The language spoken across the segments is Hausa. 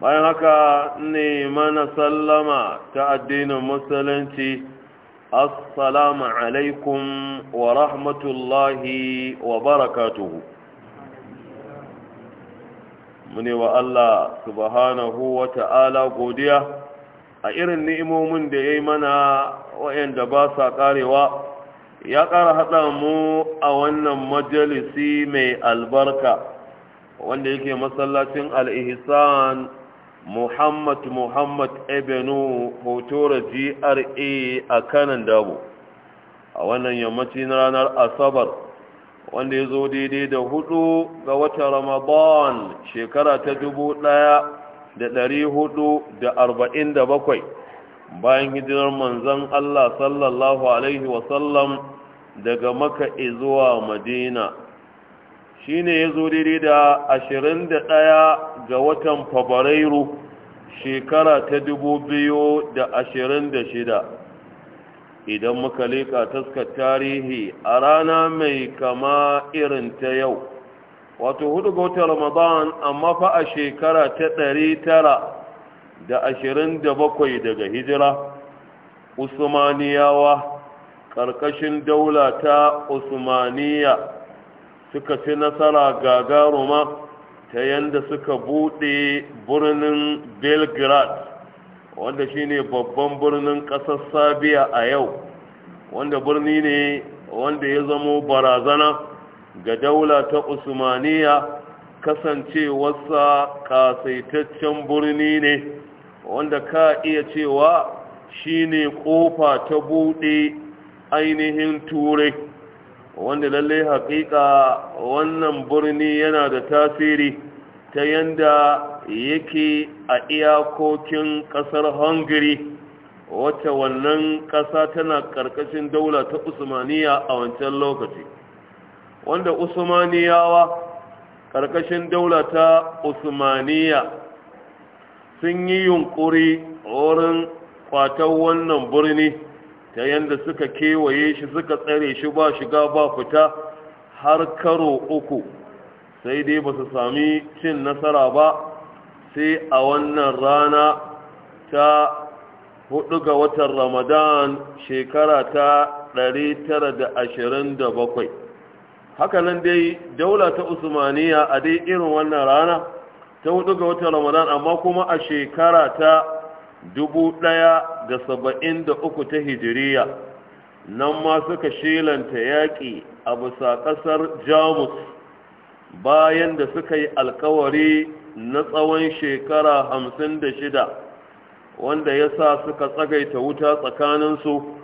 bayan haka ne mana sallama ta addinin musulunci assalamu alaikum wa rahmatullahi wa barakatuhu mune wa Allah subhanahu wa ta'ala godiya a irin ni'imomin da ya yi mana wa'yanda ba sa karewa ya ƙara haɗa mu a wannan majalisi mai albarka wanda yake masallacin al'ihisan muhammad muhammad ebenu hotora gra a kanan dabo a wannan yammacin ranar asabar wanda ya zo daidai da hudu ga wata ramadan shekara ta dubu daya da dari hudu da arba'in da bakwai bayan hijirar manzan allah sallallahu alaihi wasallam daga maka zuwa madina shine ya zo daidai da ashirin ɗaya ga watan fabrairu shekara ta dubu biyu da shida, idan muka leƙa taskar tarihi a rana mai kama irin ta yau wato hudu ga watan ramadan amma fa a shekara ta ɗari tara da da ashirin bakwai daga hijira usmaniyawa ƙarƙashin daula ta usmaniya suka ci nasara gagaruma ta yanda suka buɗe birnin belgrade wanda shine babban birnin ƙasar sabiya a yau wanda birni ne wanda ya zamo barazana ga daula ta usmaniya kasancewarsa kasaitaccen birni ne wanda ka iya cewa shine kofa ta buɗe ainihin turai wanda lallai haƙiƙa wannan birni yana da tasiri ta yanda yake a iyakokin ƙasar hungary wacce wannan ƙasa tana ƙarƙashin daula ta usmaniya a wancan lokaci wanda usmaniyawa ƙarƙashin daula ta usmaniya sun yi yunƙuri wurin kwatar wannan birni ta yanda suka kewaye shi suka tsare shi ba shiga ba fita har karo uku sai dai ba su sami cin nasara ba sai a wannan rana ta hudu ga watan ramadan shekara ta 927 hakanan dai daula ta usmaniya a dai irin wannan rana ta hudu ga watan ramadan amma kuma a shekara ta dubu ɗaya da saba'in da uku ta hijiriya nan ma suka shilanta yaƙi a bisa ƙasar jamus bayan da suka yi alkawari na tsawon shekara hamsin da shida wanda ya sa suka tsagaita wuta tsakaninsu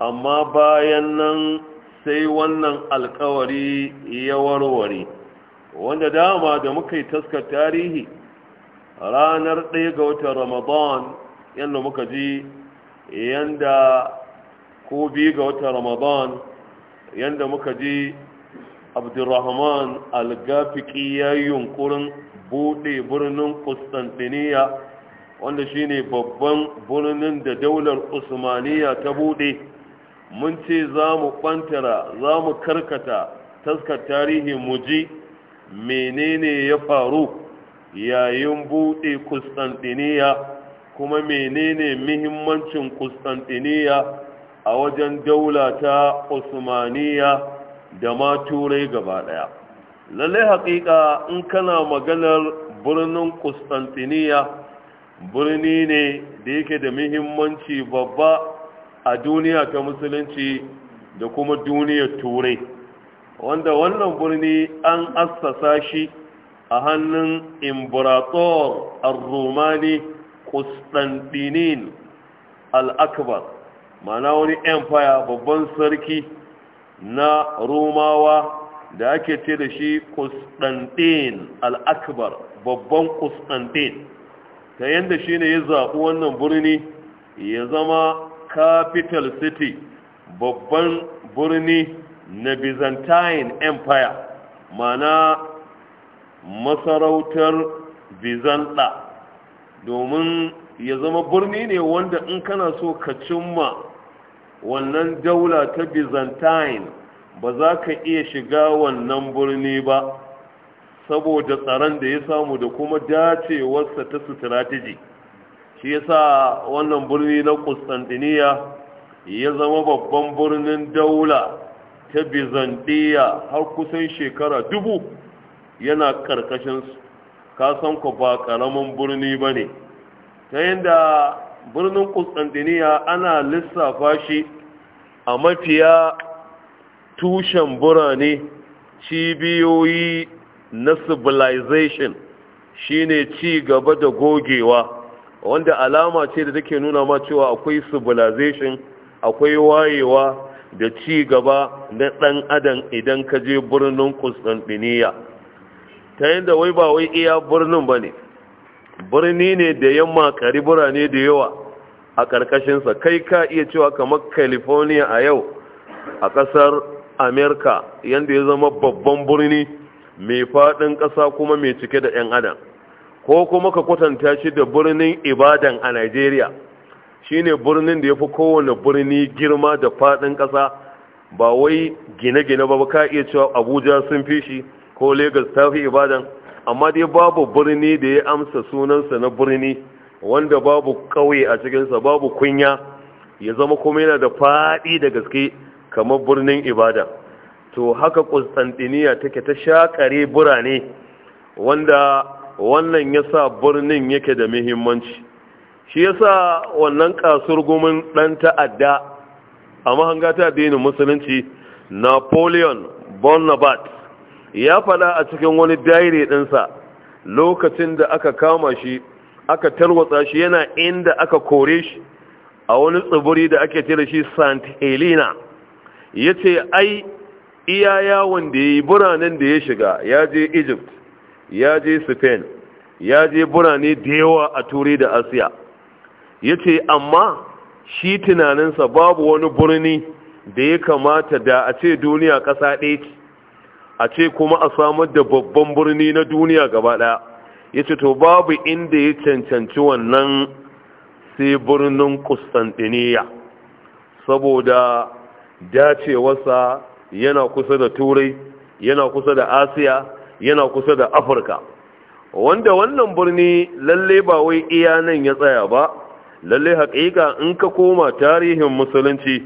amma bayan nan sai wannan alkawari ya warware wanda dama da muka yi taskar tarihi ranar ɗaya ga watan ramadan yadda muka ji yadda ko biyu ga wata ramadan yadda muka ji abdurrahman algafiki ya yi yunkurin buɗe birnin kustantiniya wanda shine babban birnin da daular usmaniya ta buɗe mun ce za mu ɓantara za mu karkata taskar tarihi mu ji menene ya faru yayin buɗe kustantiniya kuma menene muhimmancin Kustantiniya a wajen daula ta Usmaniya da ma turai gaba daya lalle haƙiƙa in kana maganar birnin Kustantiniya birni ne da yake da muhimmanci babba a duniya ta musulunci da kuma duniyar turai wanda wannan birni an assasa shi a hannun imbrator al rumani Constantinin al-Akbar mana wani empire babban sarki na Romawa da ake ce da shi Constantine al babban Constantine ta yadda shi ne ya zaɓi wannan birni ya zama capital city babban birni na Byzantine empire mana masarautar byzantine domin ya zama birni ne wanda in kana so ka cimma wannan daula ta byzantine ba za ka iya shiga wannan birni ba saboda tsaron da ya samu da kuma dacewarsa ta strategy shi yasa wannan birni na Constantiniya ya zama babban birnin daula ta Byzantiya har kusan shekara dubu yana karkashin ka san ku ba ƙaramin birni ba ne ta yadda birnin kustantiniya ana lissafa shi a mafiya tushen birane cibiyoyi na civilization shine ci gaba da gogewa wanda alama ce da take nuna ma cewa akwai civilization akwai wayewa da ci gaba na ɗan adam idan ka je birnin Constantinople ta yadda wai ba wai iya birnin ba ne birni ne da yamma kari birane da yawa a ƙarƙashinsa kai ka iya cewa kamar california a yau a ƙasar america yadda ya zama babban birni mai faɗin ƙasa kuma mai cike da 'yan adam ko kuma ka kwatanta shi da birnin ibadan a nigeria shine birnin da ya fi kowane birni girma da faɗin ƙasa ba wai gine-gine ba ka iya cewa abuja sun fi shi ko Legas ta fi Ibadan amma dai babu birni da ya amsa sunansa na birni wanda babu kauye a cikinsa babu kunya ya zama kuma yana da faɗi da gaske kamar birnin ibada to haka Constantiniya take ta shakare birane wanda wannan yasa birnin yake da muhimmanci shi yasa wannan gumin ɗan ta'adda a mahangata ta addinin musulunci napoleon bonaparte ya faɗa a cikin wani daire ɗinsa lokacin da aka kama shi aka tarwatsa shi yana inda aka kore shi a wani tsibiri da ake ce shi st helena ya ce ai iya yawon da ya yi biranen da ya shiga ya je egypt ya je spain ya je birane da yawa a turai da asiya ya ce amma shi tunaninsa babu wani birni da ya kamata da a ce duniya ƙasa ɗaya ce a ce kuma a samar da babban birni na duniya gaba ɗaya ya ce to babu inda ya cancanci wannan sai birnin kustantiniya saboda dacewarsa yana kusa da turai yana kusa da asiya yana kusa da afirka wanda wannan birni lalle ba wai iya nan ya tsaya ba lalle haƙiƙa in ka koma tarihin musulunci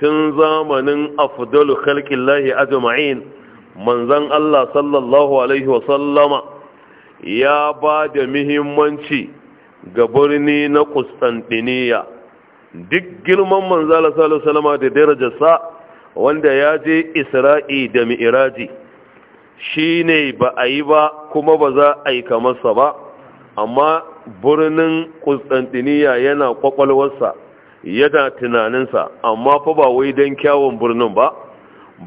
tun zamanin afdalu khalqillahi ajma'in manzan Allah sallallahu alaihi wasallama ya ba da muhimmanci ga birni na Kustantiniya duk girman manzan Allah sallallahu alaihi wasallama da darajarsa wanda ya je Isra'i da Mi'iraji shi ne ba a yi ba kuma ba za a yi kamarsa ba amma birnin Kustantiniya yana kwakwalwarsa yana tunaninsa amma fa ba wai don kyawun birnin ba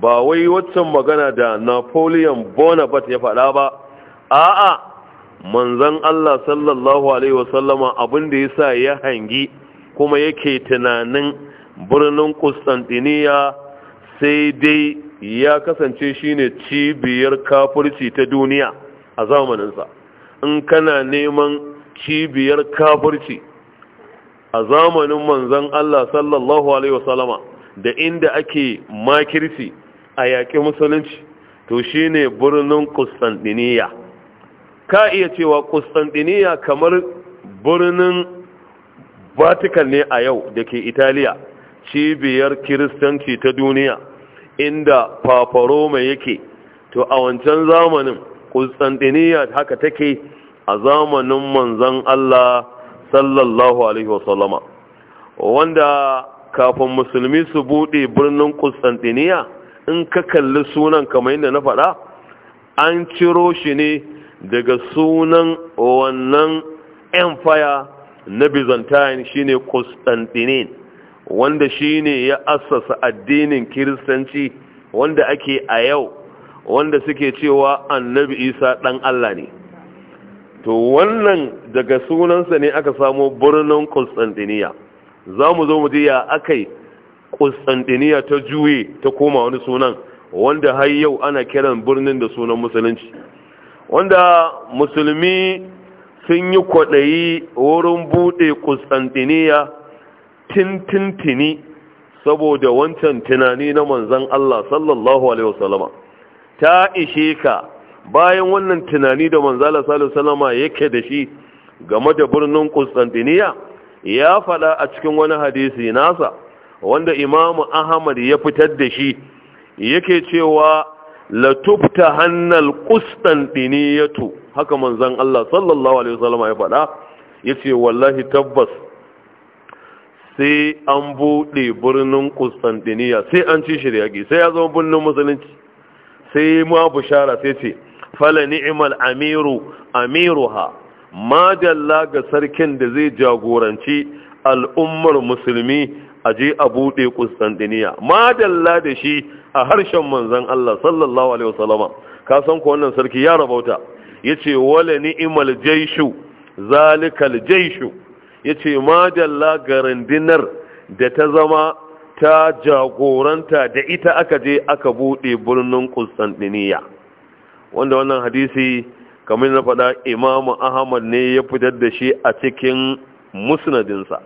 ba wai waccan magana da napoleon bonaparte ya faɗa ba a'a manzan allah sallallahu alaihi wasallama abin da ya sa ya hangi kuma yake tunanin birnin Constantiniya sai dai ya kasance shine cibiyar kafirci ta duniya a zamaninsa in kana neman cibiyar kafirci a zamanin manzan allah sallallahu alaihi wasallama da inda ake makirci a yaƙi musulunci to shi ne birnin Kustantiniya ka iya cewa Kustantiniya kamar birnin Vatican ne a yau da ke Italiya cibiyar kiristanci ta duniya inda Papa Roma yake to a wancan zamanin Kustantiniya haka take a zamanin manzan Allah sallallahu alaihi wasallama wanda kafin musulmi su buɗe birnin Kustantiniya in ka kalli sunan kamar yadda na faɗa an ciro shi ne daga sunan wannan empire na byzantine shine constantine wanda shine ya assasa addinin kiristanci wanda ake a yau wanda suke cewa annabi isa ɗan allah ne to wannan daga sunansa ne aka samo birnin constantinia za mu zo mu ji ya akai Constantinople ta juye ta koma wani sunan wanda har yau ana kiran birnin da sunan musulunci wanda musulmi sun yi kwaɗayi wurin buɗe Constantinople tintintini saboda wancan tunani na manzan Allah sallallahu alaihi wasallama ta ishe ka bayan wannan tunani da manzala sallallahu wasallama yake da shi game da birnin Constantinople ya faɗa a cikin wani hadisi nasa wanda imamu ahmad ya fitar da shi yake cewa la tubta hannal qustantiniyatu haka manzon Allah sallallahu alaihi wasallam ya faɗa yace wallahi tabbas sai an buɗe birnin Constantinia sai an ci shi da sai ya zama birnin musulunci sai ma bushara sai ce fala ni'mal amiru amiruha ma dalla ga sarkin da zai jagoranci al'ummar musulmi a je a buɗe Kustantiniya madalla da shi a harshen manzan Allah sallallahu alaihi wasallama ka san ko wannan sarki ya rabauta yace wala ni'mal jaishu zalikal jaishu yace madalla ma da ta zama ta jagoranta da ita aka je aka buɗe birnin Kustantiniya wanda wannan hadisi kamar na faɗa imamu ahmad ne ya fitar da shi a cikin musnadinsa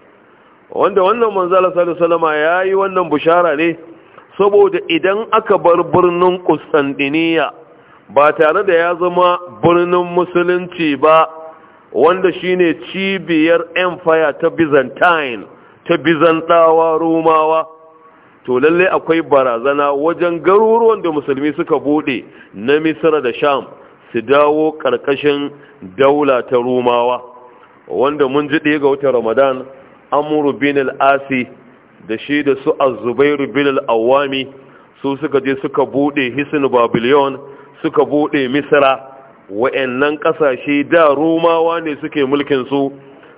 wanda wannan manzala sallallahu ya yi wannan bushara ne saboda idan aka bar birnin Kusandiniya, ba tare da ya zama birnin musulunci ba wanda shine cibiyar empire ta Byzantine ta Byzantawa Romawa to lalle akwai barazana wajen garuruwan da musulmi suka bude na Misra da Sham su dawo karkashin daula ta Romawa wanda mun ji ɗaya ga watan Ramadan amru bin al-asi da shi da su az-zubair bin al-awami su suka je suka bude hisn Babiliyon, suka bude misra wayannan kasashe da romawa ne suke mulkin su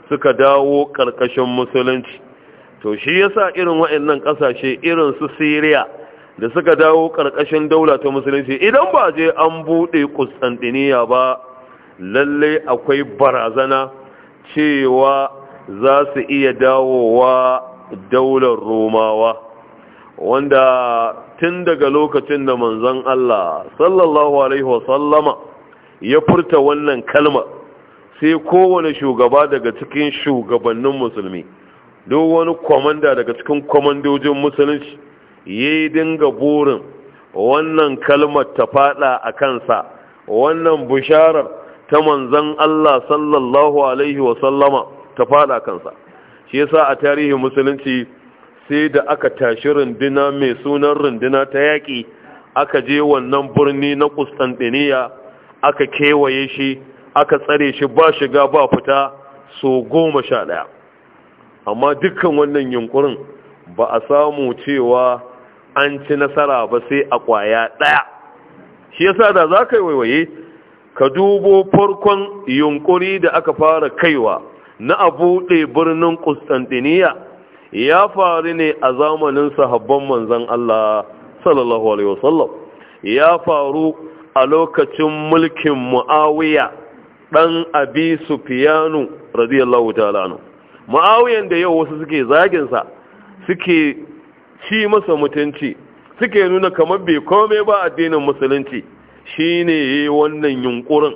suka dawo ƙarƙashin musulunci to shi yasa irin wayannan kasashe irin su Siriya da suka dawo ƙarƙashin daula ta musulunci idan ba je an bude Constantinople ba lallai akwai barazana cewa za su iya dawowa daular romawa wanda tun daga lokacin da manzon Allah sallallahu alaihi wasallama ya furta wannan kalma sai kowane shugaba daga cikin shugabannin musulmi duk wani kwamanda daga cikin kwamandojin musulunci ya yi dinga burin wannan kalmar ta fada a kansa wannan bisharar ta manzon Allah sallallahu alaihi wasallama ta fada kansa shi yasa a tarihin musulunci sai da aka tashi runduna mai sunan runduna ta yaƙi aka je wannan birni na Kustantiniya aka kewaye shi aka tsare shi ba shiga ba fita so goma sha ɗaya amma dukkan wannan yunkurin ba a samu cewa an ci nasara ba sai a kwaya ɗaya shi yasa da za ka yi waiwaye ka dubo farkon yunkuri da aka fara kaiwa na a buɗe birnin Kustantiniya ya faru ne a zamanin sahabban manzan Allah sallallahu alaihi wasallam ya faru a lokacin mulkin Muawiya ɗan Abi Sufyanu radiyallahu ta'ala anhu Muawiyan da yau wasu suke zaginsa suke ci masa mutunci suke nuna kamar bai komai ba addinin musulunci shine yayi wannan yunkurin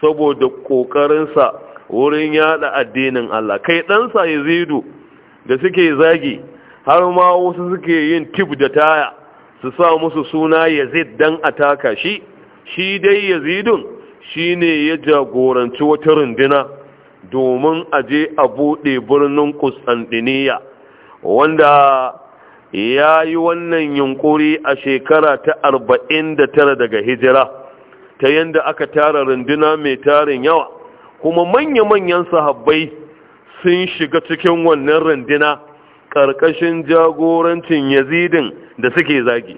saboda kokarinsa wurin yada addinin Allah kai ɗansa yazidu da suke zagi har ma wasu suke yin tib da taya su sa musu suna yazid dan ataka shi shi dai yazidun shine ya jagoranci wata runduna domin aje a buɗe birnin Kusandiniya wanda ya yi wannan yunƙuri a shekara ta arba'in da tara daga hijira ta yadda aka tara runduna mai tarin yawa kuma manya-manyan sahabbai sun shiga cikin wannan randina ƙarƙashin jagorancin yazidin da suke zagi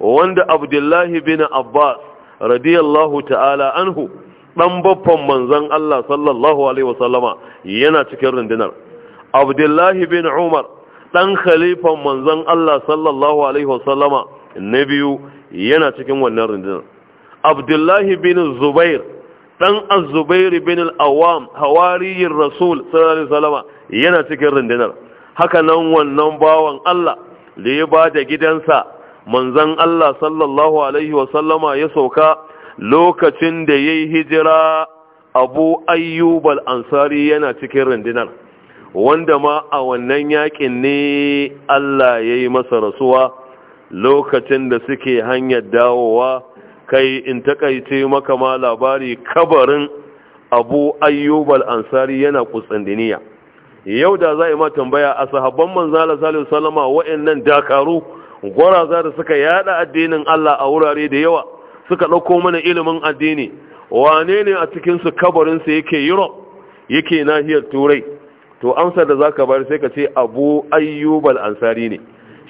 wanda abdullahi bin abbas radiyallahu ta'ala anhu ɗan baffan manzan allah sallallahu alaihi wasallama yana cikin rundunar abdullahi bin umar ɗan khalifan manzan allah sallallahu alaihi wasallama na biyu yana cikin wannan rundunar abdullahi bin zubair dan az-zubair bin al-awwam hawariyin rasul sallallahu alaihi wasallam yana cikin rundunar haka nan wannan bawan Allah da ya ba da gidansa manzon Allah sallallahu alaihi wasallama ya sauka lokacin da yayi hijira abu ayyubal ansari yana cikin rundunar wanda ma a wannan yakin ne Allah ya yi masa rasuwa lokacin da suke hanyar dawowa kai in takaice maka ma labari kabarin abu ayyubal ansari yana kusandiniya yau da za a yi ma tambaya a sahabban manzala salihu salama wa'annan dakaru gwaraza da suka yada addinin Allah a wurare da yawa suka ɗauko mana ilimin addini wane ne a cikinsu kabarinsa yake europe yake nahiyar turai to amsa da za ka bari sai ka ce abu ayyubal ansari ne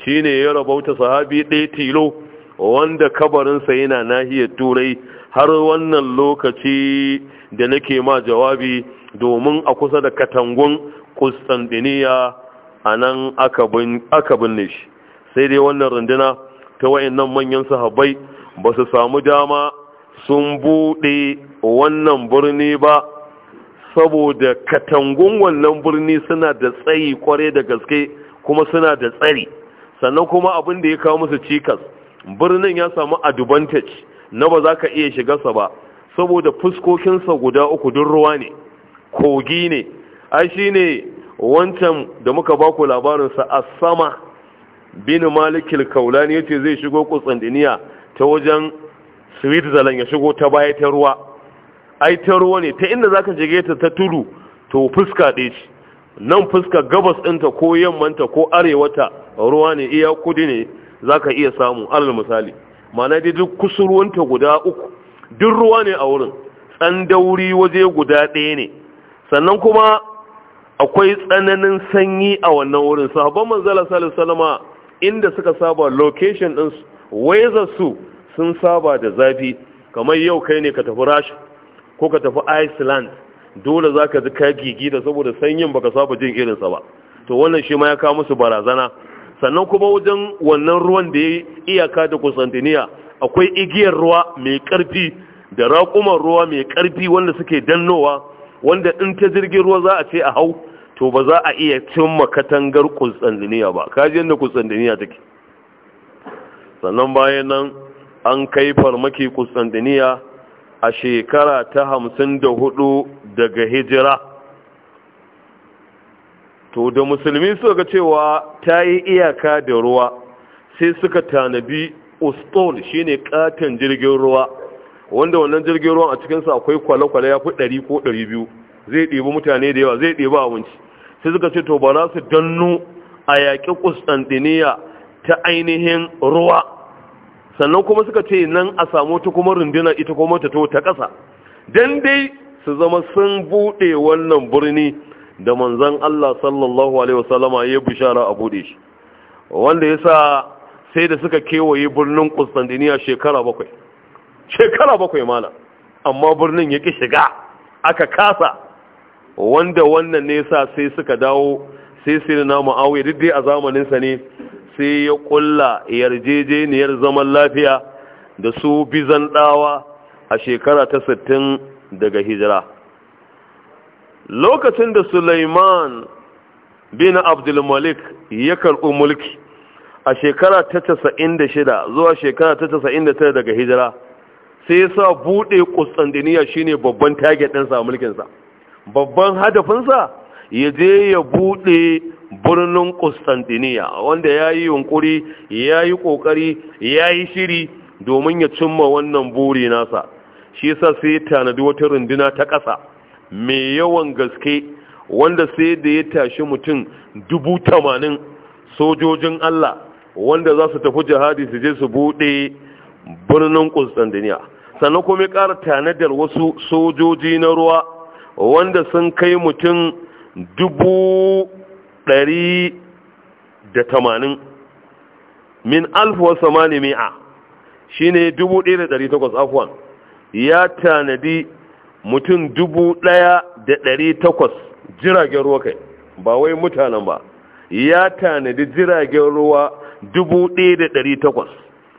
shine ne ya rabauta sahabi ɗaya tilo wanda kabarinsa yana nahiyar turai har wannan lokaci da nake ma jawabi domin a kusa da katangun kustandiniya a nan aka binne shi sai dai wannan runduna ta wayannan manyan sahabbai ba su samu dama sun buɗe wannan birni ba saboda katangun wannan birni suna da tsayi kware da gaske kuma suna da tsari sannan kuma abin da ya kawo musu cikas birnin ya samu advantage na ba za ka iya shigarsa ba saboda fuskokinsa guda uku dun ruwa ne kogi ne ai shi ne wancan da muka ba ku labarinsa a sama bin malikil kaulani yace ce zai shigo kustandiniya ta wajen switzerland ya shigo ta baya ta ruwa ai ta ruwa ne ta inda za ka shige ta ta tudu to fuska ɗaya ce nan fuska gabas ɗinta ko yammanta ko arewata ruwa ne iya kudi ne za ka iya samu alal misali mana dai duk kusurwanta guda uku duk ruwa ne a wurin tsandauri waje guda ɗaya ne sannan kuma akwai tsananin sanyi a wannan wurin sahabban manzala sallallahu wasallam inda suka saba location su waizar su sun saba da zafi kamar yau kai ne ka tafi rasha ko ka tafi iceland dole zaka ji ka gigi da saboda sanyin baka saba jin irinsa ba to wannan shi ma ya kawo musu barazana sannan kuma wajen wannan ruwan da ya iyaka da kusantiniya akwai igiyar ruwa mai karfi da raƙumar ruwa mai karfi wanda suke dannowa wanda in ta jirgin ruwa za a ce a hau to ba za a iya cimma katangar kusantiniya ba kaji yadda kusantiniya take sannan bayan nan an kai farmaki kusantiniya a shekara ta hamsin da hudu daga hijira to da musulmi suka ga cewa ta yi iyaka da ruwa sai suka tanabi ustol shine ƙaton jirgin ruwa wanda wannan jirgin ruwan a cikinsa akwai kwale-kwale ya fi ɗari ko ɗari zai ɗebi mutane da yawa zai ɗebi abinci sai suka ce to ba za su dannu a yaƙi ta ainihin ruwa sannan kuma suka ce nan a samu ta kuma rundunar ita kuma ta to ta ƙasa don dai su zama sun buɗe wannan birni da manzan Allah sallallahu alaihi wasallama ya bishara a buɗe shi wanda sa sai da suka kewaye birnin Constantinople shekara bakwai shekara bakwai mana. amma birnin ya ƙi shiga aka kasa wanda wannan ne sa sai suka dawo sai sai na ma'awai duk dai a zamaninsa ne sai ya ƙulla yarjejeniyar zaman lafiya da su bizan dawa a shekara ta sittin daga hijira lokacin da Sulaiman bin Abdulmalik ya karɓi mulki a shekara ta casa'in da shida zuwa shekara ta casa'in da tara daga hijira sai ya sa buɗe Kustantiniya shine babban target ɗinsa a mulkinsa babban hadafinsa ya je ya buɗe birnin Kustantiniya wanda ya yi yunƙuri ya yi ƙoƙari ya yi shiri domin ya cimma wannan buri nasa shi yasa sai ya tanadi wata runduna ta ƙasa mai yawan gaske wanda sai da ya tashi mutum dubu tamanin sojojin Allah wanda za su tafi jihadi su je su buɗe birnin Constantinople sannan kuma ya ƙara tanadar wasu sojoji na ruwa wanda sun kai mutum dubu ɗari da tamanin min wasu mani mi'a shi ne dubu ɗaya da ɗari takwas afuwan ya tanadi mutum dubu ɗaya da ɗari takwas jiragen ruwa kai ba wai mutanen ba ya tanadi jiragen ruwa dubu ɗaya da ɗari takwas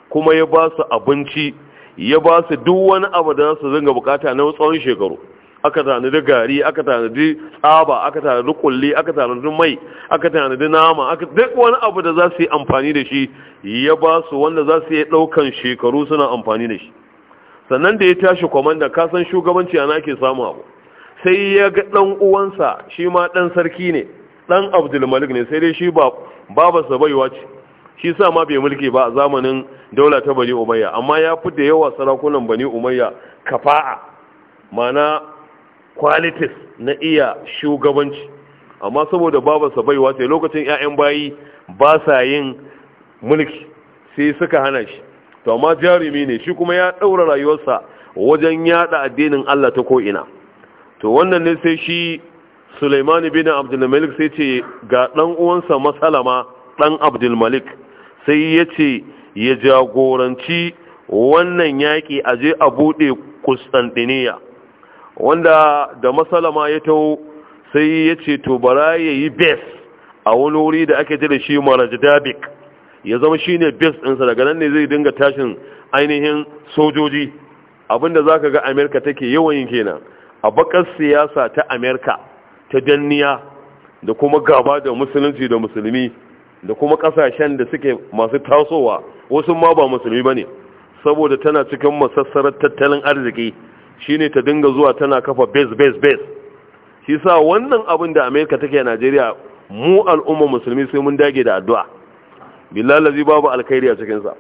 kuma ya ba su abinci ya ba su duk wani abu da su zanga bukata na tsawon shekaru aka tanadi gari aka tanadi tsaba aka tanadi kulli aka tanadi mai aka tanadi nama aka duk wani abu da za su yi amfani da shi ya ba su wanda za su yi ɗaukan shekaru suna amfani da shi sannan da ya tashi komanda kasan shugabanci ana ke samu abu sai ya ga dan uwansa shi ma dan sarki ne dan Abdul Malik ne sai dai shi babarsa baiwa ce shi sa ma bai mulki ba a zamanin daula ta Bani Umayya amma ya fi da yawa sarakunan Bani Umayya kafa'a mana qualities na iya shugabanci amma saboda babarsa baiwa sai lokacin 'ya'yan bayi ba sa yin mulki sai suka hana shi to amma jarumi ne shi kuma ya daura rayuwarsa wajen yada addinin Allah ta ko'ina. to wannan ne sai shi Sulaiman bin Abdul Malik sai ce ga dan uwansa Masalama dan Abdul Malik sai yace ya jagoranci wannan yaki je a bude Constantinople wanda da Masalama ya taho sai yace to bara yayi base a wani wuri da ake jira da shi Marajdabik ya zama shi ne base ɗinsa daga nan ne zai dinga tashin ainihin sojoji abinda za ka ga amerika take yawan yin kenan a bakar siyasa ta amerika ta danniya da kuma gaba da musulunci da musulmi da kuma kasashen da suke masu tasowa wasu ma ba musulmi ba ne saboda tana cikin masassarar tattalin arziki shine ta dinga zuwa tana kafa base base base shi sa wannan abin da amerika take a najeriya mu al'umma musulmi sai mun dage da addu'a billahi babu alkhairi a cikin sa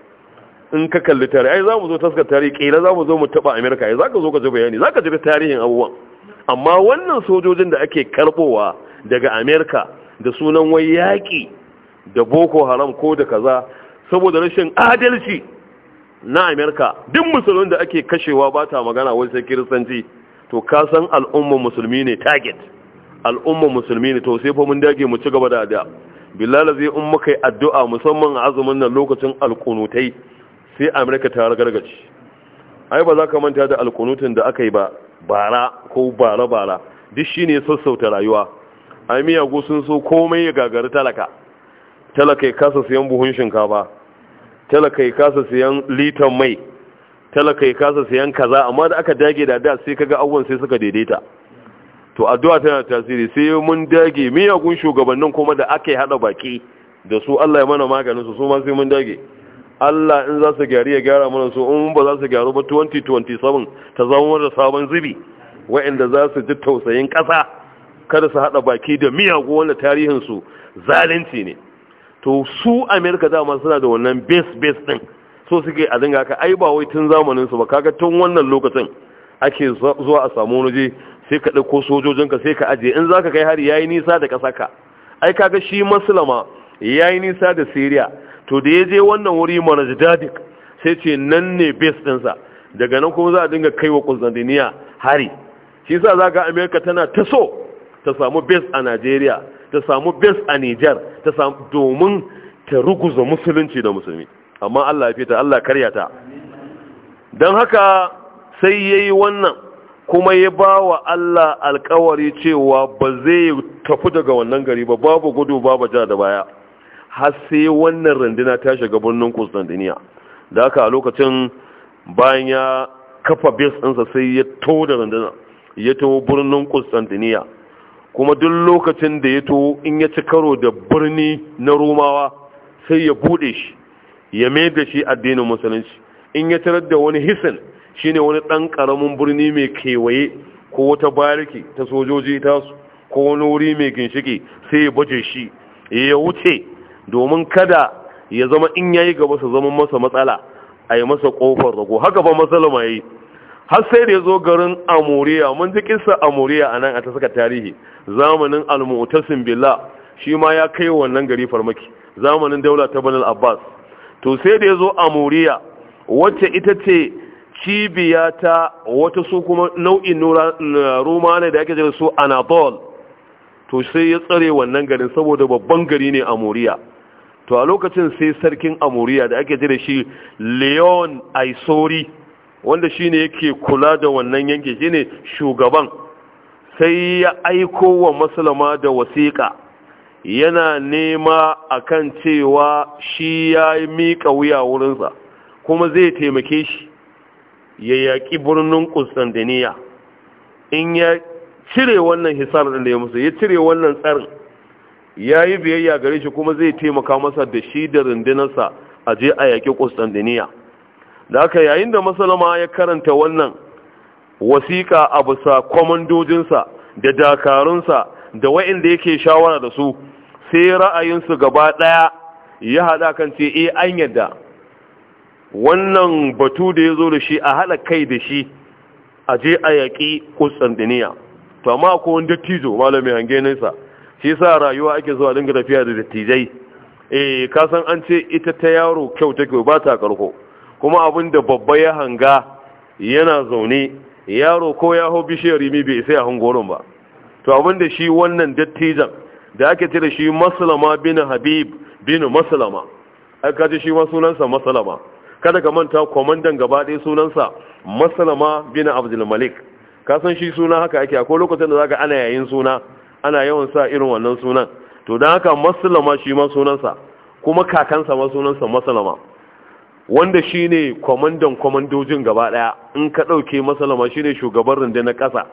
in ka kalli tarihi ai zamu zo taskar tarihi kila zamu zo mu taba America ai zaka zo ka ji bayani zaka ji tarihin abubuwan amma wannan sojojin da ake karbowa daga America da sunan wai yaƙi da Boko Haram ko da kaza saboda rashin adalci na America duk musulmin da ake kashewa ba ta magana wai sai kiristanci to ka san al'ummar musulmi ne target al'ummar musulmi ne to sai fa mun dage mu ci gaba da da bilal zai in muka yi addu'a musamman a azumin nan lokacin alkunutai sai amurka ta gargaci ai ba za ka manta da alkunutun da aka yi ba bara ko bara-bara duk shi ne sassauta rayuwa ai miyagu sun so komai ya gagari talaka talaka ya kasa siyan buhun shinkafa talaka ya kasa siyan litan mai talaka ya kasa siyan kaza amma da aka dage da da sai kaga awon sai suka daidaita to addu'a tana tasiri sai mun dage miyagun shugabannin kuma da aka yi hada baki da su Allah ya mana maganin su su ma sai mun dage Allah in za su gyari ya gyara mana su in ba za su gyaru ba 2027 ta zama da sabon zubi wa'anda za su ji tausayin ƙasa kada su haɗa baki da miyagun wanda tarihin su zalunci ne to su America dama suna da wannan base base ɗin so suke a dinga ka ai ba wai tun zamanin su ba kaga tun wannan lokacin ake zuwa a samu wani sai ka ɗauko sojojinka sai ka ajiye in za ka kai hari ya yi nisa da ƙasaka ai kaga shi maslama ya yi nisa da siriya to da ya je wannan wuri manajdadik sai ce nan ne base ɗinsa daga nan kuma za a dinga kai wa kuzandiniya hari shi sa za ga amerika tana ta so ta samu base a nigeria ta samu base a niger ta samu domin ta ruguza musulunci da musulmi amma allah ya fita allah karya ta don haka sai ya yi wannan kuma ya ba wa Allah alkawari cewa ba zai tafi daga wannan gari ba babu gudu babu ja da baya har sai wannan randuna ta shiga birnin Constantinople da haka a lokacin bayan ya kafa base ɗinsa sai ya to da rundunar ya to birnin Constantinople kuma duk lokacin da ya to in ya ci karo da birni na Romawa sai ya bude shi ya mai da shi addinin musulunci in ya tarar da wani hisin shine wani ɗan ƙaramin birni mai kewaye ko wata bariki ta sojoji su, ko wani wuri mai ginshiki sai ya baje shi ya wuce domin kada ya zama in yayi gaba su zama masa matsala a yi masa ƙofar rago haka ba matsala ma yi har sai da ya zo garin amuriya mun ji kisa amuriya a nan a ta saka tarihi zamanin almutasin billah shi ma ya kai wannan gari farmaki zamanin daula ta banal abbas to sai da ya zo amuriya wacce ita ce cibiya ta wata su kuma nau'in roma ne da ake jira su anatol to sai ya tsare wannan garin saboda babban gari ne amuriya to a lokacin sai sarkin amuriya da ake jira shi leon aisori wanda shi ne yake kula da wannan yanki shi ne shugaban sai ya aiko wa masulama da wasiƙa yana nema akan cewa shi ya miƙa wuya wurinsa kuma zai taimake shi ya yaƙi birnin Kustandiniya in ya cire wannan hisar da ya musu ya cire wannan tsarin ya yi biyayya gare shi kuma zai taimaka masa da shi da rundunarsa a je a yaƙi Kustandiniya da aka yayin da masalama ya karanta wannan wasiƙa a bisa kwamandojinsa da dakarunsa da wa'inda yake shawara da su sai ra'ayinsu gaba ɗaya ya haɗa kan ce e an yadda wannan batu da ya zo da shi a haɗa kai da shi a je a yaƙi duniya to amma ko wani dattijo malami hange nesa shi sa rayuwa ake zuwa dinga tafiya da dattijai eh ka san an ce ita ta yaro kyau take ba ta karko kuma abin da babba ya hanga yana zaune yaro ko ya hau bishiyar rimi bai sai a hangoron ba to abin da shi wannan dattijan da ake ce da shi maslama bin habib bin maslama aka ce shi ma sunansa maslama kada ka manta kwamandan gaba ɗaya sunansa masalama bin Abdulmalik. malik ka san shi suna haka ake akwai lokacin da za ka ana yayin suna ana yawan sa irin wannan sunan to don haka masalama shi ma sunansa kuma kakansa ma sunansa masalama wanda shi ne kwamandan kwamandojin gaba ɗaya in ka ɗauke masalama shi ne shugaban rundunar ƙasa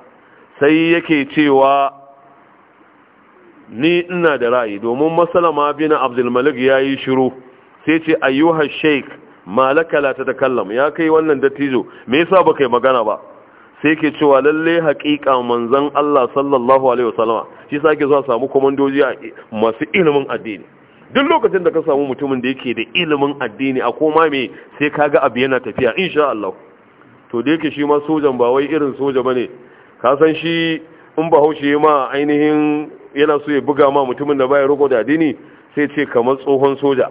sai yake cewa ni ina da ra'ayi domin masalama bin abdulmalik ya yi shiru sai ce ayyuhar sheikh malaka la takallam ya kai wannan dattijo me yasa baka yi magana ba sai ke cewa lalle haƙiƙa manzon Allah sallallahu alaihi wasallama shi sa zuwa samu komandoji masu ilimin addini duk lokacin da ka samu mutumin da yake da ilimin addini a koma me sai kaga abu yana tafiya insha Allah to da yake shi ma sojan ba wai irin soja bane ka san shi in bahaushe ma ainihin yana so ya buga ma mutumin da baya riko da addini sai ce kamar tsohon soja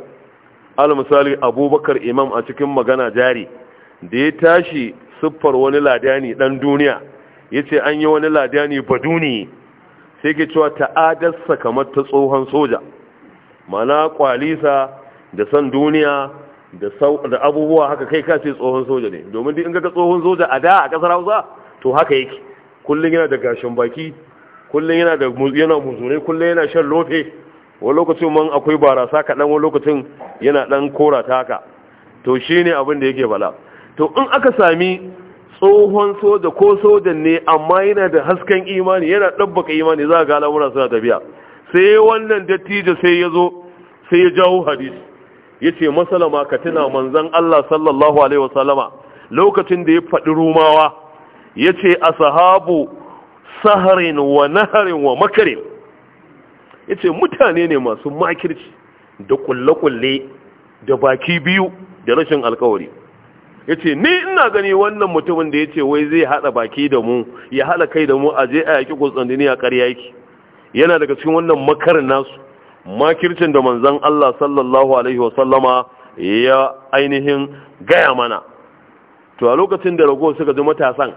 al misali abubakar imam a cikin magana jari da ya tashi siffar wani ladani dan duniya ya ce an yi wani ladani baduni sai ke cewa ta'adarsa kamar ta tsohon soja mana kwalisa da san duniya da abubuwa haka kai kace tsohon soja ne domin in ga tsohon soja a da a kasar hausa to haka yake kullum yana da gashin baki kullum yana da yana muzure kullum yana shan lofe wani lokacin man akwai barasa kaɗan wani lokacin yana ɗan kora ta haka to shi ne abin da yake bala to in aka sami tsohon soja ko soja ne amma yana da hasken imani yana ɗabbaka imani za a ga al'amura suna tafiya sai wannan dattijo sai ya zo sai ya jawo hadisi ya ce masalama ka tuna manzan Allah sallallahu alaihi wasallama lokacin da ya faɗi rumawa ya ce a sahabu saharin wa naharin wa makarin yace mutane ne masu makirci da kulle-kulle da baki biyu da rashin alkawari yace ni ina gani wannan mutumin da ya ce wai zai hada baki da mu ya haɗa kai da mu a je a yaki a ƙarya yake yana daga cikin wannan makarin nasu makircin da manzon Allah sallallahu alaihi wasallama ya ainihin gaya mana to a lokacin da rago suka ji matasan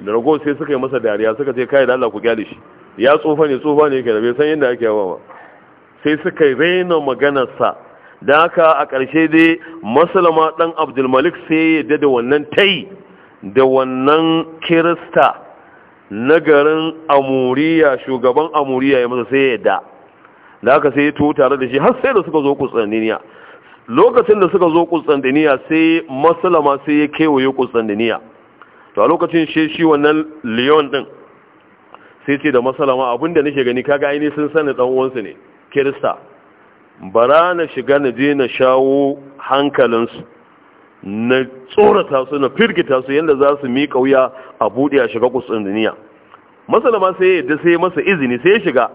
da rago sai suka yi masa dariya suka ce kai da Allah ku gyale shi ya tsufa ne tsufa ne kenan bai san yadda ake yawa ba sai suka raina maganarsa da haka a ƙarshe dai masalama ɗan abdulmalik sai ya dada da wannan tai da wannan kirista na garin amuriya shugaban amuriya ya masa sai ya da da haka sai ya to tare da shi har sai da suka zo kustantiniya lokacin da suka zo kustantiniya sai masalama sai ya kewaye kustantiniya to a lokacin shi wannan leon din sai ce da masalama abinda nake gani kaga aini sun sani dan uwansu ne kirista bara na shiga na je na shawo hankalinsu na tsorata su na firgita su yadda za su miƙa wuya a buɗe a shiga duniya masalama sai ya yadda sai masa izini sai ya shiga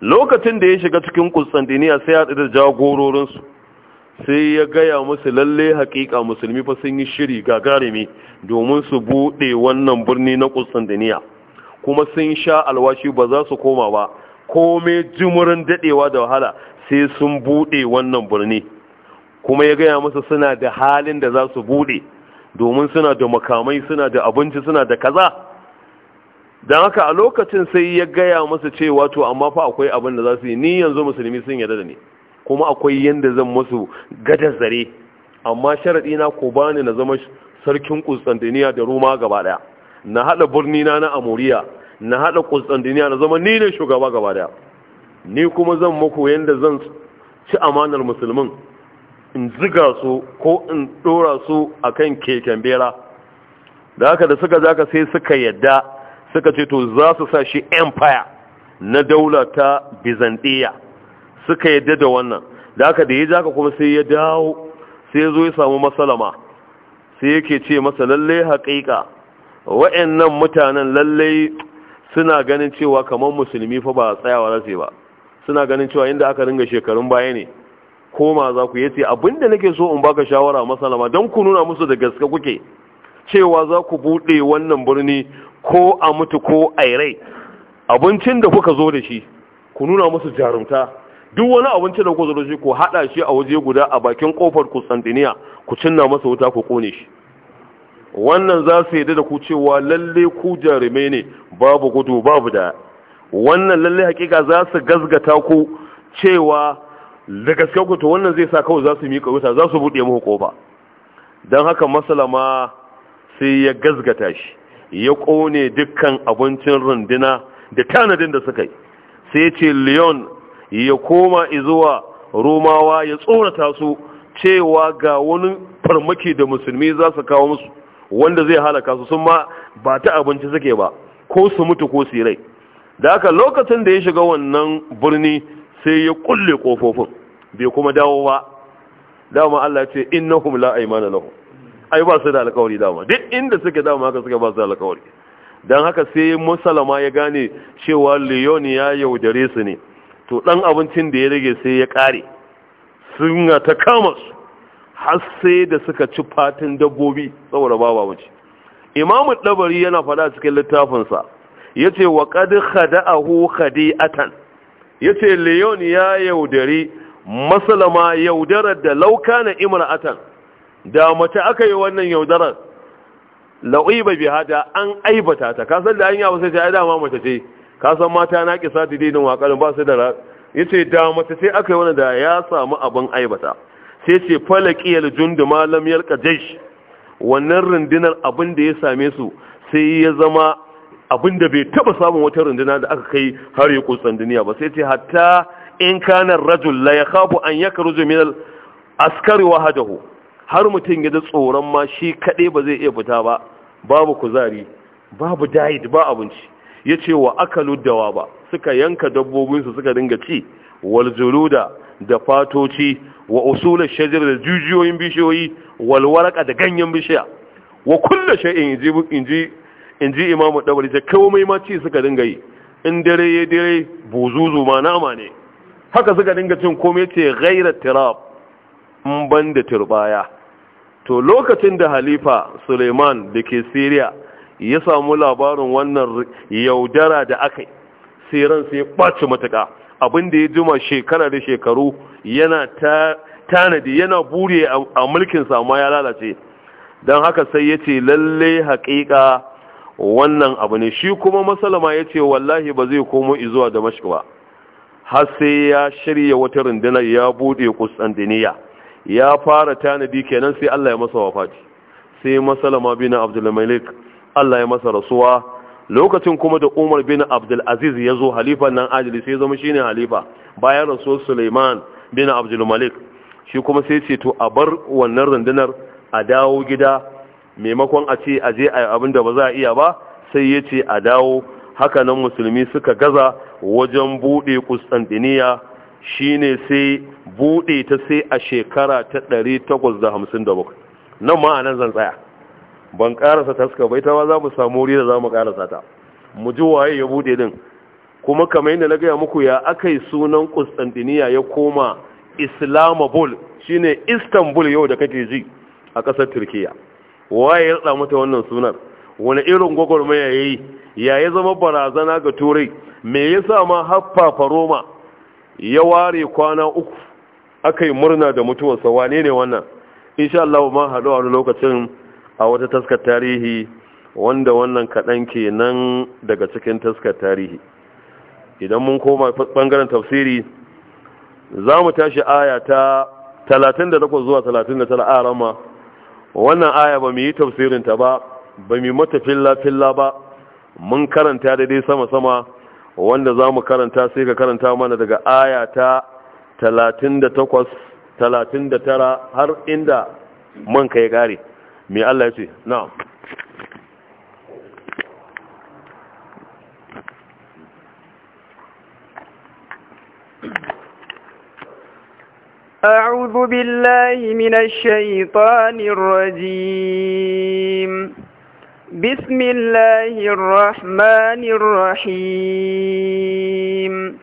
lokacin da ya shiga cikin duniya sai ya da jagororinsu sai ya gaya musu lalle hakika musulmi fa sun yi shiri gagarumi domin su buɗe wannan birni na duniya. kuma sun sha alwashi ba za su koma ba kome jimurin dadewa da wahala sai sun bude wannan birni kuma ya gaya masa suna da halin da za su bude domin suna da makamai suna da abinci suna da kaza don haka a lokacin sai ya gaya masa cewa to amma fa akwai abin da za su yi ni yanzu musulmi sun yarda da ni kuma akwai yadda zan masu gada zare amma sharaɗi na ko bani na zama sarkin kustantiniya da Roma gaba ɗaya na haɗa birni na na amuriya na haɗa duniya na zama ni ne shugaba gaba daya ni kuma zan muku yadda zan ci amanar musulmin in ziga su ko in ɗora su a kan keken bera da haka da suka zaka sai suka yadda suka ce to za su sa shi empire na daula ta byzantiya suka yadda da wannan da haka da ya zaka kuma sai ya dawo sai ya zo ya samu masalama sai yake ce masa lallai haƙiƙa wa'annan mutanen lallai suna ganin cewa kamar musulmi fa ba tsayawa rase ba suna ganin cewa inda aka ringa shekarun baya ne koma za ku yace abinda nake so in baka shawara masalama don ku nuna musu da gaske kuke cewa za ku buɗe wannan birni ko a mutu ko a rai abincin da kuka zo da shi ku nuna musu jarumta duk wani abinci da kuka zo da shi ku haɗa shi a waje guda a bakin ƙofar Constantiniya ku cinna masa wuta ku kone shi wannan za su yadda da ku cewa lalle ku jarumai ne babu gudu babu da wannan lalle hakika za su gazgata ku cewa da gaske ku to wannan zai sa kawai za su miƙa wuta za su buɗe muku kofa don haka masalama sai ya gazgata shi ya ƙone dukkan abincin runduna da tanadin da suka yi sai ce leon ya koma izuwa romawa ya tsorata su cewa ga wani farmaki da musulmi za su kawo musu wanda zai halaka su sun ma ba ta abinci suke ba ko su mutu ko su rai da aka lokacin da ya shiga wannan birni sai ya kulle kofofin bai kuma dawo ba dama Allah ce innahum la aymana lahum ai ba su da alƙawari dama duk inda suke dama haka suke ba su da alƙawari dan haka sai musalama ya gane cewa Leon ya yaudare su ne to dan abincin da ya rage sai ya kare sun ta kama su har sai da suka ci fatin dabbobi saboda ba mace imamu dabari yana faɗa cikin littafinsa ya ce wa ƙadi khada'ahu khadi'atan ya ce leon ya yaudari masalama yaudarar da lauka na imra'atan da mace aka yi wannan yaudarar la'iba bi hada an aibata ta kasan da an yawa sai ta yi ma mace ce kasan mata na ƙisa didinin wakarin ba su da ra ya ce da mace ce aka yi wannan da ya samu abin aibata sai ce falakiyal jundu malam yalka wannan rundunar abin da ya same su sai ya zama abin da bai taba samun wata runduna da aka kai har ya kusan duniya ba sai ce hatta in kana rajul la yakhafu an yakruju min al askari wahdahu har mutum ya da tsoron ma shi kaɗai ba zai iya fita ba babu kuzari babu diet ba abinci yace wa akalu dawaba ba suka yanka dabbobin su suka dinga ci wal juluda da fatoci wa usulul shajar da jujiyoyin bishiyoyi wal da ganyen bishiya wa kullu shay'in inji inji imamu dawali ta kawo mai maci suka dinga yi in dare ya dare buzuzu ma nama ne haka suka dinga cin komai ce ghaira tirab in ban da turbaya to lokacin da halifa suleiman da ke siriya ya samu labarin wannan yaudara da aka yi siran sai ɓaci matuƙa abin da ya jima shekara da shekaru yana tanadi yana buri a mulkin sama ya lalace don haka sai ya ce lalle haƙiƙa wannan abu ne shi kuma masalama ya ce wallahi ba zai komo izuwa da mashi ba har sai ya shirya wata rundunar ya buɗe kustantiniya ya fara tanadi kenan sai allah ya masa wafati sai masalama bin abdulmalik allah ya masa rasuwa lokacin kuma da umar bin abdulaziz ya zo halifan nan ajali sai zama shine halifa bayan rasul suleiman bin abdulmalik shi kuma sai ce to a bar wannan rundunar a dawo gida maimakon a ce a je a yi abin ba za a iya ba sai ya ce a dawo haka nan musulmi suka gaza wajen buɗe kustantiniya shine sai buɗe ta sai a shekara ta 857 nan ma a nan zan tsaya ban karasa taska bai ta ma za mu samu wuri da za mu karasa ta mu ji waye ya bude din kuma kamar yadda na gaya muku ya aka sunan Constantiniya ya koma Islamabul shine Istanbul yau da kake ji a ƙasar Turkiya waye ya rada mata wannan sunan wani irin gwagwarmaya yayi ya ya zama barazana ga turai me yasa ma haffafa Roma ya ware kwana uku aka murna da mutuwarsa wane ne wannan insha Allah ma haɗu a wani lokacin a wata taskar tarihi wanda wannan kaɗan ke nan daga cikin taskar tarihi idan mun koma ɓangaren tafsiri za mu tashi aya ta 38 zuwa 39 a rama wannan aya ba mu yi tafsirinta ba ba mu mata filla-filla ba mun karanta daidai sama-sama wanda za mu karanta sai ka karanta mana daga aya ta 38 39 har inda man kai ya gare مي الله يسي نعم أعوذ بالله من الشيطان الرجيم بسم الله الرحمن الرحيم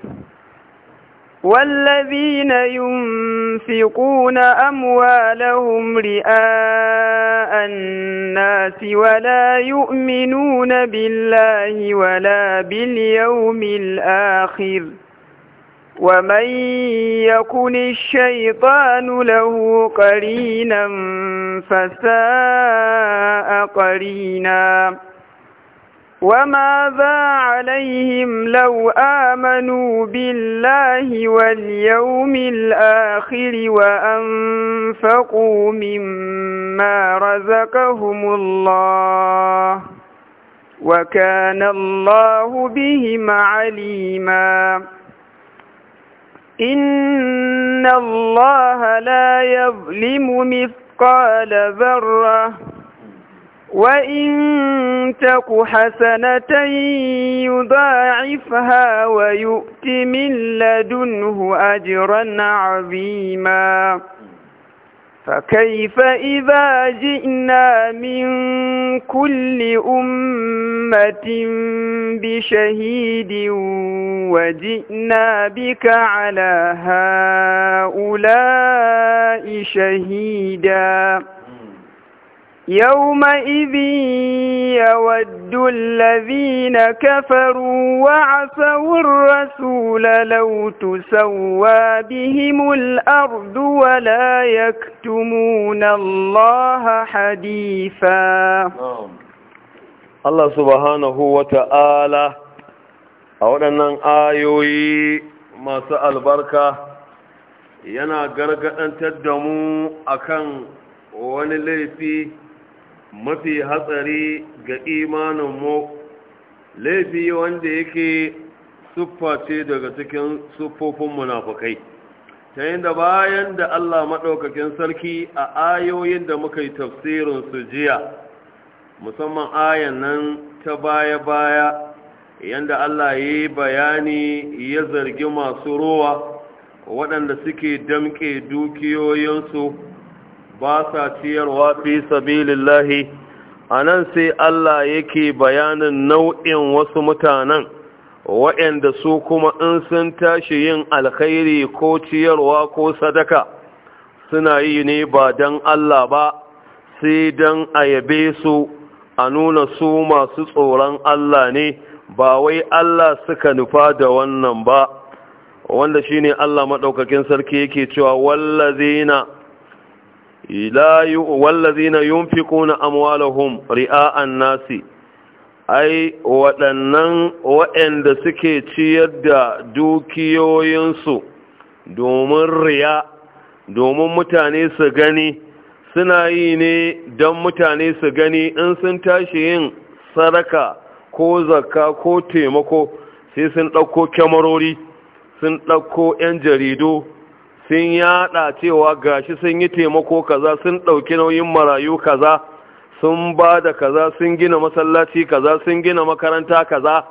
والذين ينفقون أموالهم رئاء الناس ولا يؤمنون بالله ولا باليوم الآخر ومن يكن الشيطان له قرينا فساء قريناً وماذا عليهم لو آمنوا بالله واليوم الآخر وأنفقوا مما رزقهم الله وكان الله بهم عليما إن الله لا يظلم مثقال ذره وإن تك حسنة يضاعفها ويؤت من لدنه أجرا عظيما فكيف إذا جئنا من كل أمة بشهيد وجئنا بك على هؤلاء شهيداً يومئذ يود الذين كفروا وعصوا الرسول لو تسوى بهم الأرض ولا يكتمون الله حديثا الله سبحانه وتعالى أولا آيوي ما سأل بركة ينا قرقة أن تدموا أكن wani laifi mafi hatsari ga imaninmu laifi wanda yake siffa daga cikin siffofin munafukai ta yadda bayan da Allah maɗaukakin sarki a ayoyin da muka yi tafsirin su jiya musamman ayan nan ta baya-baya yadda Allah ya yi bayani ya zargi masu rowa waɗanda suke damƙe dukiyoyinsu ba sa ciyarwa fi sabilillahi a nan sai Allah yake bayanin nau'in wasu mutanen waɗanda su kuma in sun tashi yin alkhairi ko ciyarwa ko sadaka suna yi ne ba don Allah ba sai don a yabe su a nuna su masu tsoron Allah ne ba wai Allah suka nufa da wannan ba wanda shine Allah maɗaukakin sarki yake cewa wallazina la wallazina yunfiquna amwalahum ri'a'an nasi ai waɗannan waɗanda suke ciyar da dukiyoyinsu domin riya domin mutane su gani suna yi ne don mutane su gani in sun tashi yin saraka ko zakka ko taimako sai sun ɗauko kyamarori sun ɗauko 'yan jaridu sun yada cewa gashi sun yi taimako kaza sun ɗauki nauyin marayu kaza sun ba da kaza sun gina masallaci kaza sun gina makaranta kaza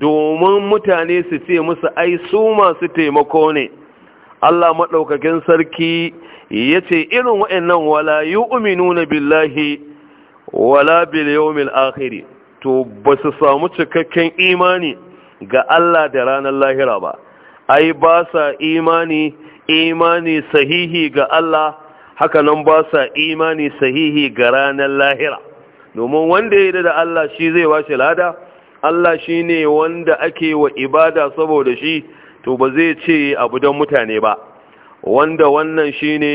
domin mutane su ce musu ai su masu taimako ne Allah maɗaukakin sarki ya ce irin wa'annan wala yi uminuna billahi wala bil akhiri to ba su samu cikakken imani ga Allah da ranar lahira ba ai ba sa imani imani sahihi ga Allah haka nan ba sa imani sahihi ga ranar lahira domin wanda ya yi da Allah shi zai washe lada Allah shi ne wanda ake wa ibada saboda shi to ba zai ce abu don mutane ba wanda wannan shi ne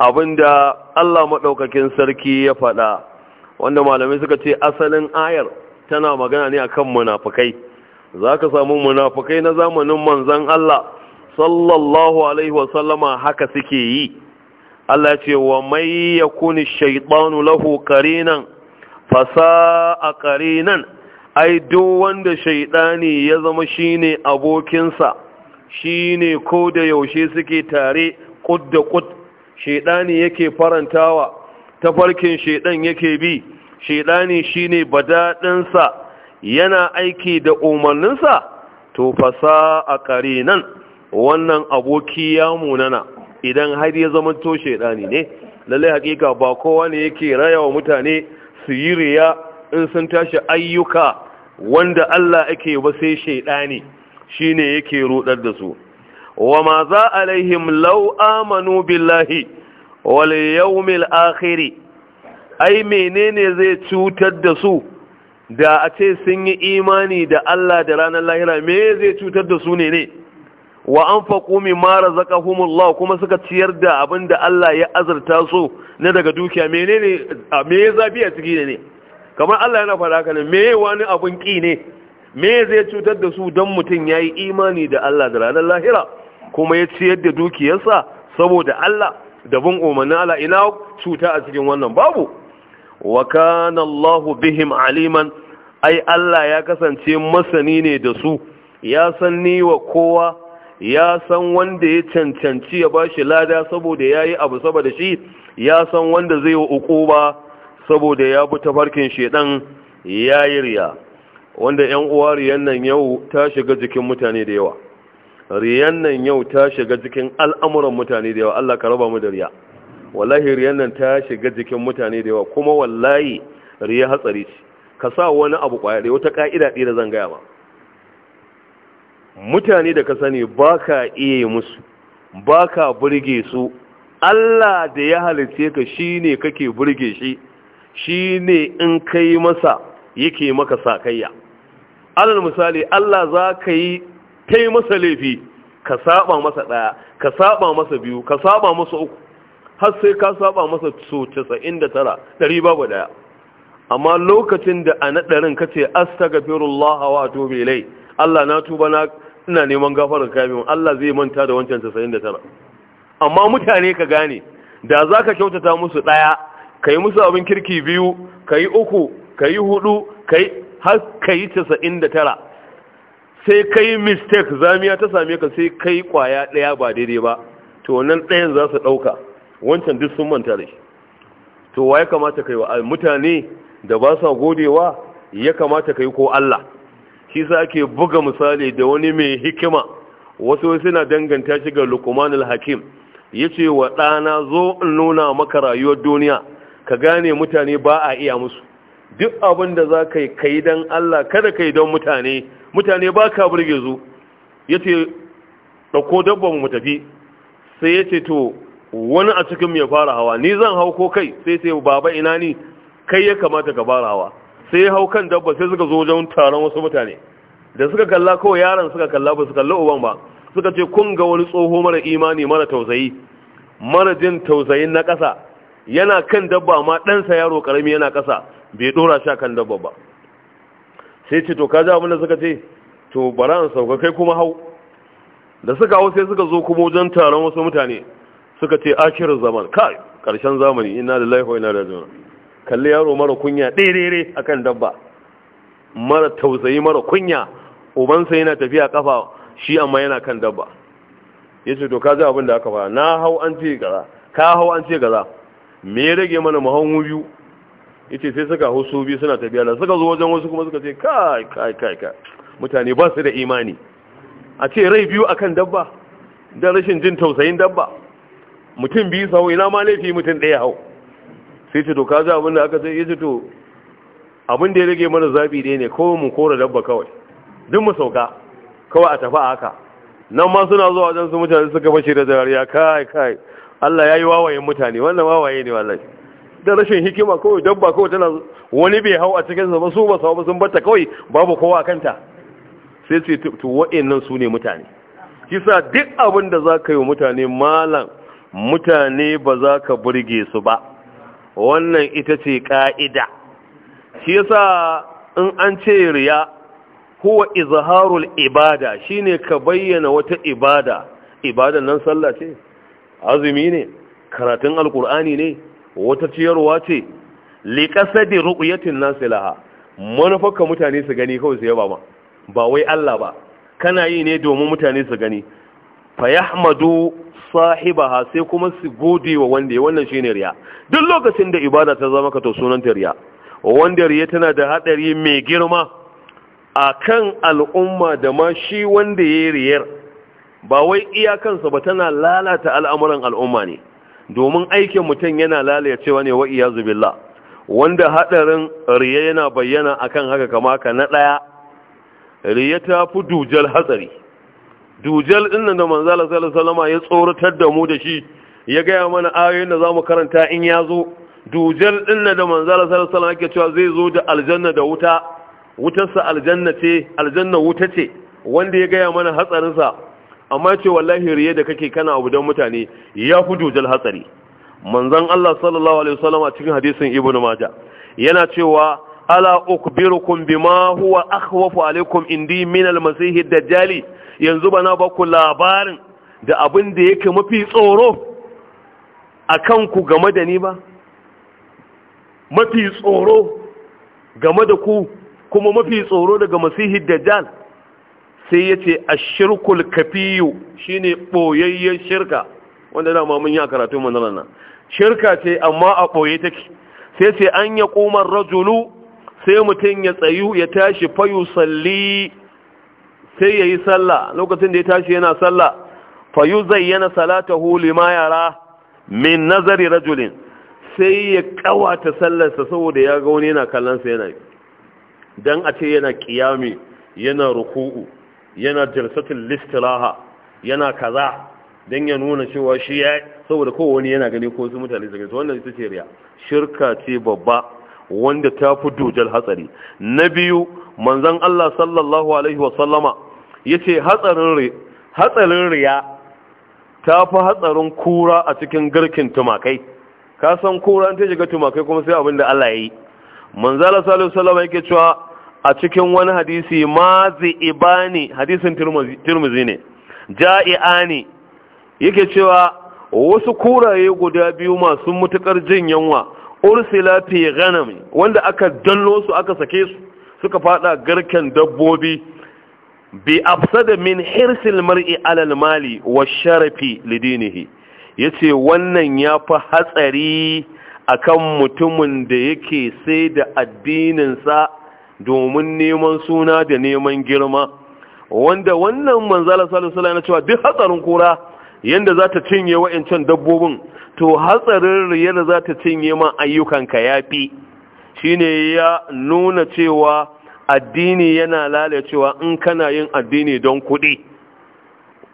abinda Allah maɗaukakin sarki ya faɗa wanda malamai suka ce asalin ayar tana magana ne akan munafukai za ka samu munafukai na zamanin manzan Allah sallallahu alaihi wasallama haka suke yi Allah ce wa mai ya kuni shaitanu lahu karinan fasa a karinan ai duk wanda shaidani ya zama shine abokinsa shine ko da yaushe suke tare kud da kud shaidani yake farantawa tafarkin shaidan yake bi shaidani shine badaɗinsa. yana aiki da umarninsa to fasa a kare nan, wannan aboki ya munana idan har ya zama to shaidani ne lallai hakika ba kowa ne yake raya wa mutane su yi riya in sun tashi ayyuka wanda Allah ake ba sai shaidani shine yake rudar da su wa ma za alaihim law amanu billahi wal yawmil Akhiri? ai menene zai cutar da su da a ce sun yi imani da Allah da ranar lahira me zai cutar da su ne ne wa an faƙo mara zaka humullah kuma suka ciyar da abin da Allah ya azarta su na daga dukiya menene me ya zafi a ciki ne kamar Allah yana faɗa kanin me wani abin ƙi ne me zai cutar da su don mutum ya yi imani da Allah da ranar lahira kuma ya ciyar da dukiyarsa saboda Allah da bin umarnin Allah ina cuta a cikin wannan babu wa kana Allahu bihim aliman ai Allah ya kasance masani ne da su ya san ni wa kowa ya san wanda ya cancanci ya bashi lada saboda yayi abu saboda shi ya san wanda zai wa ukuba saboda ya bi tafarkin shedan yayi riya wanda yan uwa riyan nan yau ta shiga jikin mutane da yawa riyan nan yau ta shiga jikin al'amuran mutane da yawa Allah ka raba mu da riya wallahi riyan nan ta shiga jikin mutane da yawa kuma wallahi riya hatsari ce ka sa wani abu kwaya da wata ka'ida ɗaya da zan gaya ba mutane da ka sani ba ka iya musu ba ka burge su Allah da ya halice ka shi ne kake burge shi shi ne in ka yi masa yake maka sakayya alal misali Allah za ka yi kai masa laifi ka saba masa ɗaya ka saba masa biyu ka saba masa uku har sai ka saba masa so 99 ɗari amma lokacin da a naɗarin ka ce astaghfirullah wa atubu ilai Allah na tuba na ina neman ka kafin Allah zai manta da wancan 99 amma mutane ka gane da zaka kyautata musu ɗaya ka yi musu abin kirki biyu ka yi uku ka yi hudu ka yi har ka yi 99 sai ka yi mistake zamiya ta same ka sai kai kwaya ɗaya ba daidai ba to wannan ɗayan za su ɗauka wancan duk sun manta da shi to wa ya kamata kai wa mutane da ba sa godewa ya kamata kai ko Allah shi sa ake buga misali da wani mai hikima wasu suna danganta shi ga Luqman al-Hakim yace wa dana zo in nuna maka rayuwar duniya ka gane mutane ba a iya musu duk abin da za ka yi kai don Allah kada ka yi don mutane mutane ba ka burge zu ya ce ɗauko dabban mu tafi sai ya ce to wani a cikin ya fara hawa ni zan hau ko kai sai sai baba ina ni kai ya kamata ka fara hawa sai ya hau kan dabba sai suka zo wajen taron wasu mutane da suka kalla ko yaron suka kalla ba su kalla uban ba suka ce kun ga wani tsoho mara imani mara tausayi mara jin tausayin na ƙasa yana kan dabba amma ɗansa yaro ƙarami yana ƙasa bai ɗora sha kan dabba ba sai ce to ka ji abin da suka ce to bara in sauka kai kuma hau da suka hau sai suka zo kuma wajen taron wasu mutane suka ce akhirin zaman kai karshen zamani ina da laiho ina da zuwa kalli yaro mara kunya ɗerere akan dabba mara tausayi mara kunya ubansa yana tafiya kafa shi amma yana kan dabba ya ce to ka ji abin da aka fara na hau an ce gaza ka hau an ce gaza me ya rage mana mu hannu biyu ya ce sai suka hau su biyu suna tafiya da suka zo wajen wasu kuma suka ce kai kai kai kai mutane ba su da imani a ce rai biyu akan dabba da rashin jin tausayin dabba mutum biyu sau ina ma laifi mutum ɗaya hau sai ce to ka ji abinda aka sai yace to abin da ya rage mana zabi ɗaya ne kawai mu kora dabba kawai duk mu sauka kawai a tafi a haka nan ma suna zuwa wajen su mutane suka fashe da dariya kai kai Allah ya yi wawayen mutane wannan wawaye ne wallahi da rashin hikima kawai dabba kawai tana wani bai hau a cikin sa ba su ba su ba sun bata kawai babu kowa kanta sai ce to wa'annan su ne mutane kisa duk abin da za ka yi mutane malam mutane ba za ka burge su ba wannan ita ce ƙa'ida shi yasa in an ce riya huwa izharul ibada shine ka bayyana wata ibada ibadan nan sallah ce azumi ne karatun alkur'ani ne wata ciyarwa ce liqasadi nasu laha manufaka mutane su gani kawai su yaba ma ba wai Allah ba kana yi ne domin mutane su gani fa yahmadu sahibaha sai kuma su gode wa wanda ya wannan shine riya duk lokacin da ibada ta zama ka to ta riya wanda riya tana da hadari mai girma A kan al'umma da ma shi wanda ya riyar ba wai iyakansa ba tana lalata al'amuran al'umma ne domin aikin mutum yana lalacewa ne wa iya wanda hadarin riya yana bayyana akan haka kama ka na ɗaya. riya ta fi dujal hatsari dujal din nan da manzala sallallahu ya tsoratar da mu da shi ya gaya mana ayoyin da zamu karanta in ya zo dujal din nan da manzala sallallahu alaihi cewa zai zo da aljanna da wuta wutarsa aljanna ce aljanna wuta ce wanda ya gaya mana hatsarinsa amma ce wallahi riye da kake kana abu don mutane ya fi dujal hatsari manzon Allah sallallahu alaihi wasallam a cikin hadisin Ibn Majah yana cewa ala ukbirukum bima huwa akhwafu alaikum indi min al-masih ad-dajjali yanzu bana ba ku labarin da abin da yake mafi tsoro a kanku game da ni ba mafi tsoro game da ku kuma mafi tsoro daga masihi dajjal sai ya ce a shirkul kafiyu ne ɓoyayyen shirka wanda dama mun yi a karatun manzana nan shirka ce amma a ɓoye take sai ce an ya rajulu sai mutum ya tsayu ya tashi fayu salli sai ya yi sallah lokacin da ya tashi yana sallah fa zayyana salatahu lima yara min nazari rajulin sai ya kawata sallarsa saboda ya ga wani yana kallon sa yana dan a ce yana qiyami yana ruku'u yana jalsatul listiraha yana kaza dan ya nuna cewa shi ya saboda wani yana gani ko su mutane su wannan ita ce riya shirka ce babba wanda ta fi dojal hatsari na biyu manzon Allah sallallahu alaihi wa yace hatsarin hatsarin riya ta fi hatsarin kura a cikin garkin tumakai ka san kura ta shiga tumakai kuma sai abin da Allah ya yi manzala salihu sallama yake cewa a cikin wani hadisi mazi ibani hadisin turmuzi ne ja'i'ani yake cewa wasu kuraye guda biyu masu mutukar jin yanwa ursila fi ganami wanda aka dallo su aka sake su suka fada garken dabbobi bi afsada min hirsil mar'i alal mali wa sharafi lidinihi yace wannan yafi hatsari akan mutumin da yake sai da addininsa domin neman suna da neman girma wanda wannan manzala sallallahu alaihi cewa duk hatsarin kura yanda za ta cinye wa'ancan dabbobin to hatsarin riyar za ta cinye ma ayyukanka yafi shine ya nuna cewa addini yana lalacewa in kana yin addini don kuɗi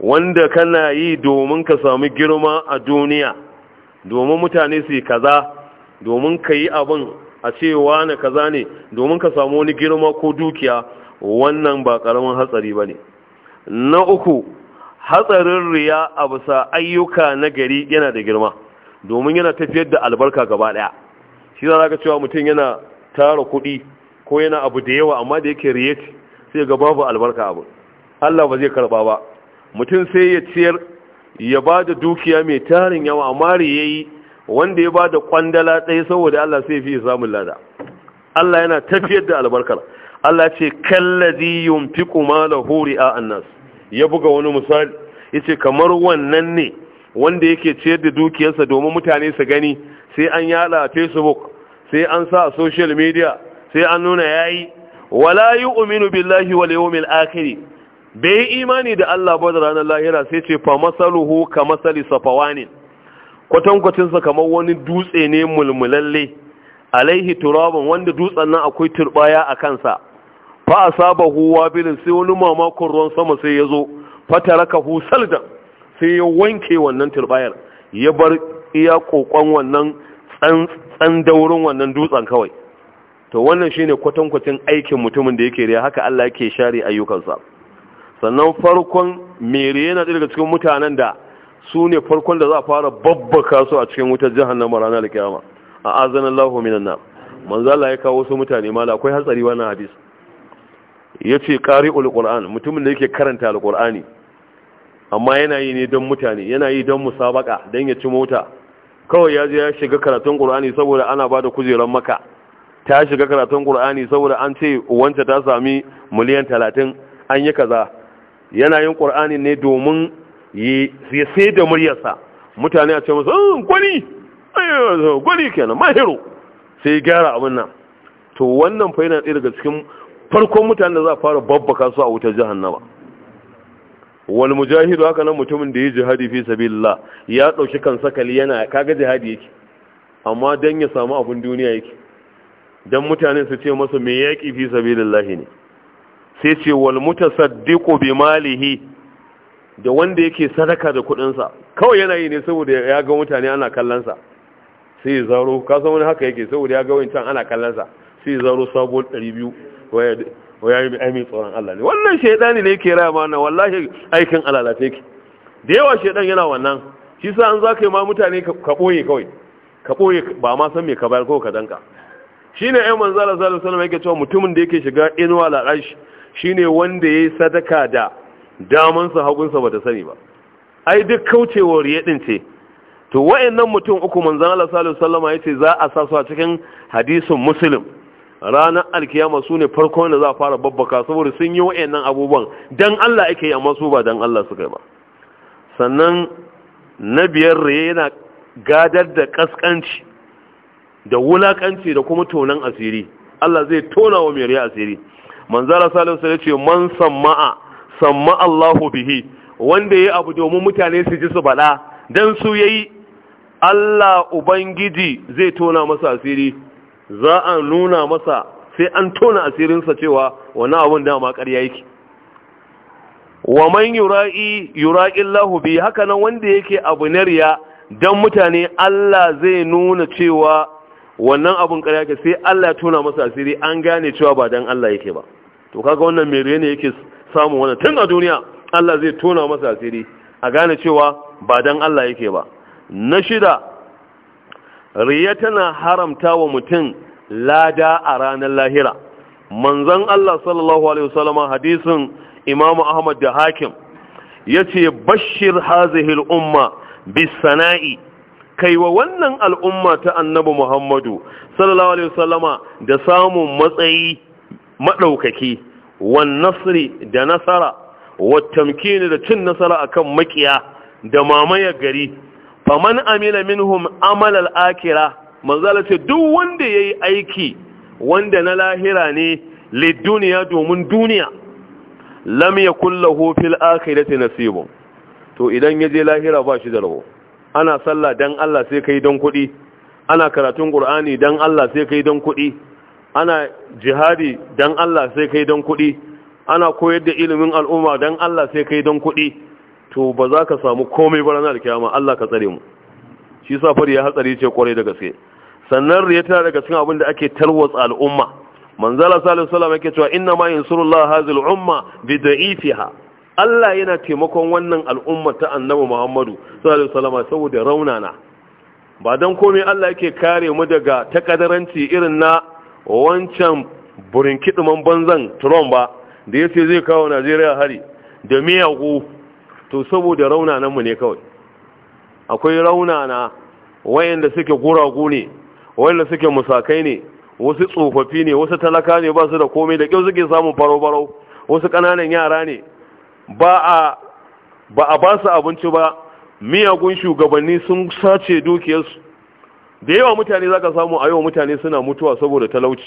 wanda kana yi domin ka sami girma a duniya domin mutane su kaza domin ka yi abin a cewa na kaza ne domin ka samu wani girma ko dukiya wannan ba ƙaramin hatsari ba ne na uku hatsarin riya a bisa ayyuka na gari yana da girma domin yana tafiyar da albarka gaba ɗaya shi za ka cewa mutum yana tara kuɗi ko yana abu da yawa amma da yake riyeti sai ga babu albarka abu Allah ba zai karba ba mutum sai ya ciyar ya ba da dukiya mai tarin yawa amma riyayi wanda ya ba da kwandala ɗaya saboda Allah sai fi samun lada Allah yana tafiyar da albarkar Allah ce kallazi yunfiqu malahu ri'a annas ya buga wani misali yace kamar wannan ne wanda yake ciyar da dukiyarsa domin mutane su gani sai an yada a Facebook sai an sa a social media sai an nuna ya yi. wala uminu billahi wal yawmil akiri. bai yi imani da Allah ba da ranar lahira sai ce fa masaluhu ka masali safawanin kwatankwacin kamar wani dutse ne mulmulalle alaihi turabin, wanda dutsen nan akwai turbaya a kansa fa huwa birin. sai wani mamakon ruwan sama sai ya zo fatarakahu saldan sai ya wanke wannan turbayar ya bar iya kokon wannan tsan daurin wannan dutsen kawai to wannan shine kwatankwacin aikin mutumin da yake riya haka Allah yake share ayyukansa sannan farkon mere yana daga cikin mutanen da su ne farkon da za a fara babbaka su a cikin wutar jahannama ranar alkiyama a azan Allahu minan nar manzo Allah ya kawo su mutane mala akwai hatsari wannan hadis yace qari'ul qur'an mutumin da yake karanta alqur'ani amma yana yi ne don mutane yana yi don musabaka don ya ci mota kawai ya je ya shiga karatun qur'ani saboda ana bada kujerar maka ta shiga karatun qur'ani saboda an ce wance ta sami miliyan talatin an yi kaza yana yin qur'ani ne domin ya sai da muryarsa mutane a ce masa hmm, gwani gwani kenan mahiru sai gyara abin nan to wannan fa yana daga cikin farkon mutane da za a fara babbaka su a wutar jahannama wal mujahidu haka nan mutumin da ya jihadi fi sabilillah ya dauki kansa kali yana kaga jihadi yake amma dan ya samu abun duniya yake don mutane su ce masa mai yaƙi fi sabilillahi ne sai ce wal mutasaddiqu bi malihi da wanda yake sadaka da kudinsa, kawai yana yi ne saboda ya ga mutane ana kallon sa sai zaro ka san wani haka yake saboda ya ga wancan ana kallon sa sai zaro sabo 200 waya yi mai tsoron Allah ne wannan shaidani ne yake raya na, wallahi aikin alalata ki da yawa shaidan yana wannan shi sa an zaka yi ma mutane ka ɓoye kawai ka ɓoye ba ma san me ka bayar ko ka danka shine ne manzo Allah sallallahu alaihi wasallam yake cewa mutumin da yake shiga inuwa al'arsh shine wanda yayi sadaka da damansa hagunsa bata sani ba ai duk kaucewar yadin ce to wayannan mutum uku manzo Allah sallallahu alaihi wasallam yace za a sa su a cikin hadisin muslim ranar alkiyama su ne farkon da za a fara babbaka saboda sun yi wayannan abubuwan dan Allah ake yi amma su ba dan Allah suka yi ba sannan na biyar yana gadar da kaskanci da wulakanci da kuma tonan asiri Allah zai tona wa mai asiri manzara salihu sai ce man samma'a samma Allahu bihi wanda yayi abu domin mutane su ji su bada dan su yayi Allah ubangiji zai tona masa asiri za a nuna masa sai an tona asirinsa cewa wani abun ma ƙarya yake wa man yura'i yura'i Allah bi haka nan wanda yake abu na riya dan mutane Allah zai nuna cewa wannan abun ƙarya ke sai Allah ya tona masa asiri an gane cewa ba dan Allah yake ba to kaga wannan mai ne yake samun wannan tun a duniya Allah zai tona masa asiri a gane cewa ba dan Allah yake ba na shida riya tana haramta wa mutum lada a ranar lahira manzon Allah sallallahu alaihi wasallama hadisin Imam Ahmad da Hakim yace bashir hazihil umma sana'i kai wa wannan al'umma ta annabi Muhammadu sallallahu alaihi wasallama da samun matsayi maɗaukaki, wan nasri da nasara wa da cin nasara a kan makiya da mamaya gari faman amila minhum amal al-akira manzala ce duk wanda yayi aiki wanda na lahira ne liduniya domin duniya lam yakul lahu fil na nasibun to idan ya je lahira ba shi da rabo ana sallah dan Allah sai kai don kuɗi ana karatun Qur'ani dan Allah sai kai don kuɗi ana jihadi dan Allah sai kai don kuɗi ana koyar da ilimin al'umma dan Allah sai kai don kuɗi to ba za ka samu komai ba ranar kiyama Allah ka tsare mu shi sa fari ya hatsari ce kwarai da gaske sannan ya tana daga cikin abin da ake tarwatsa al'umma manzala sallallahu alaihi wasallam yake cewa inna ma yansurullahu hazil umma bi da'ifiha Allah yana taimakon wannan al'umma ta annabi Muhammadu sallallahu alaihi saboda raunana ba dan komai Allah yake kare mu daga takadaranci irin na wancan burinkiduman banzan Trump ba da ya yace zai kawo Najeriya hari da miyagu to saboda raunananmu ne kawai akwai raunana wayanda suke guragu ne wayanda suke musakai ne wasu tsofaffi ne wasu talaka ne ba su da komai da kyau suke samun faro-faro wasu ƙananan yara ne ba a ba a ba su abinci ba miyagun shugabanni sun sace dukiyarsu da yawa mutane zaka samu a yawa mutane suna mutuwa saboda talauci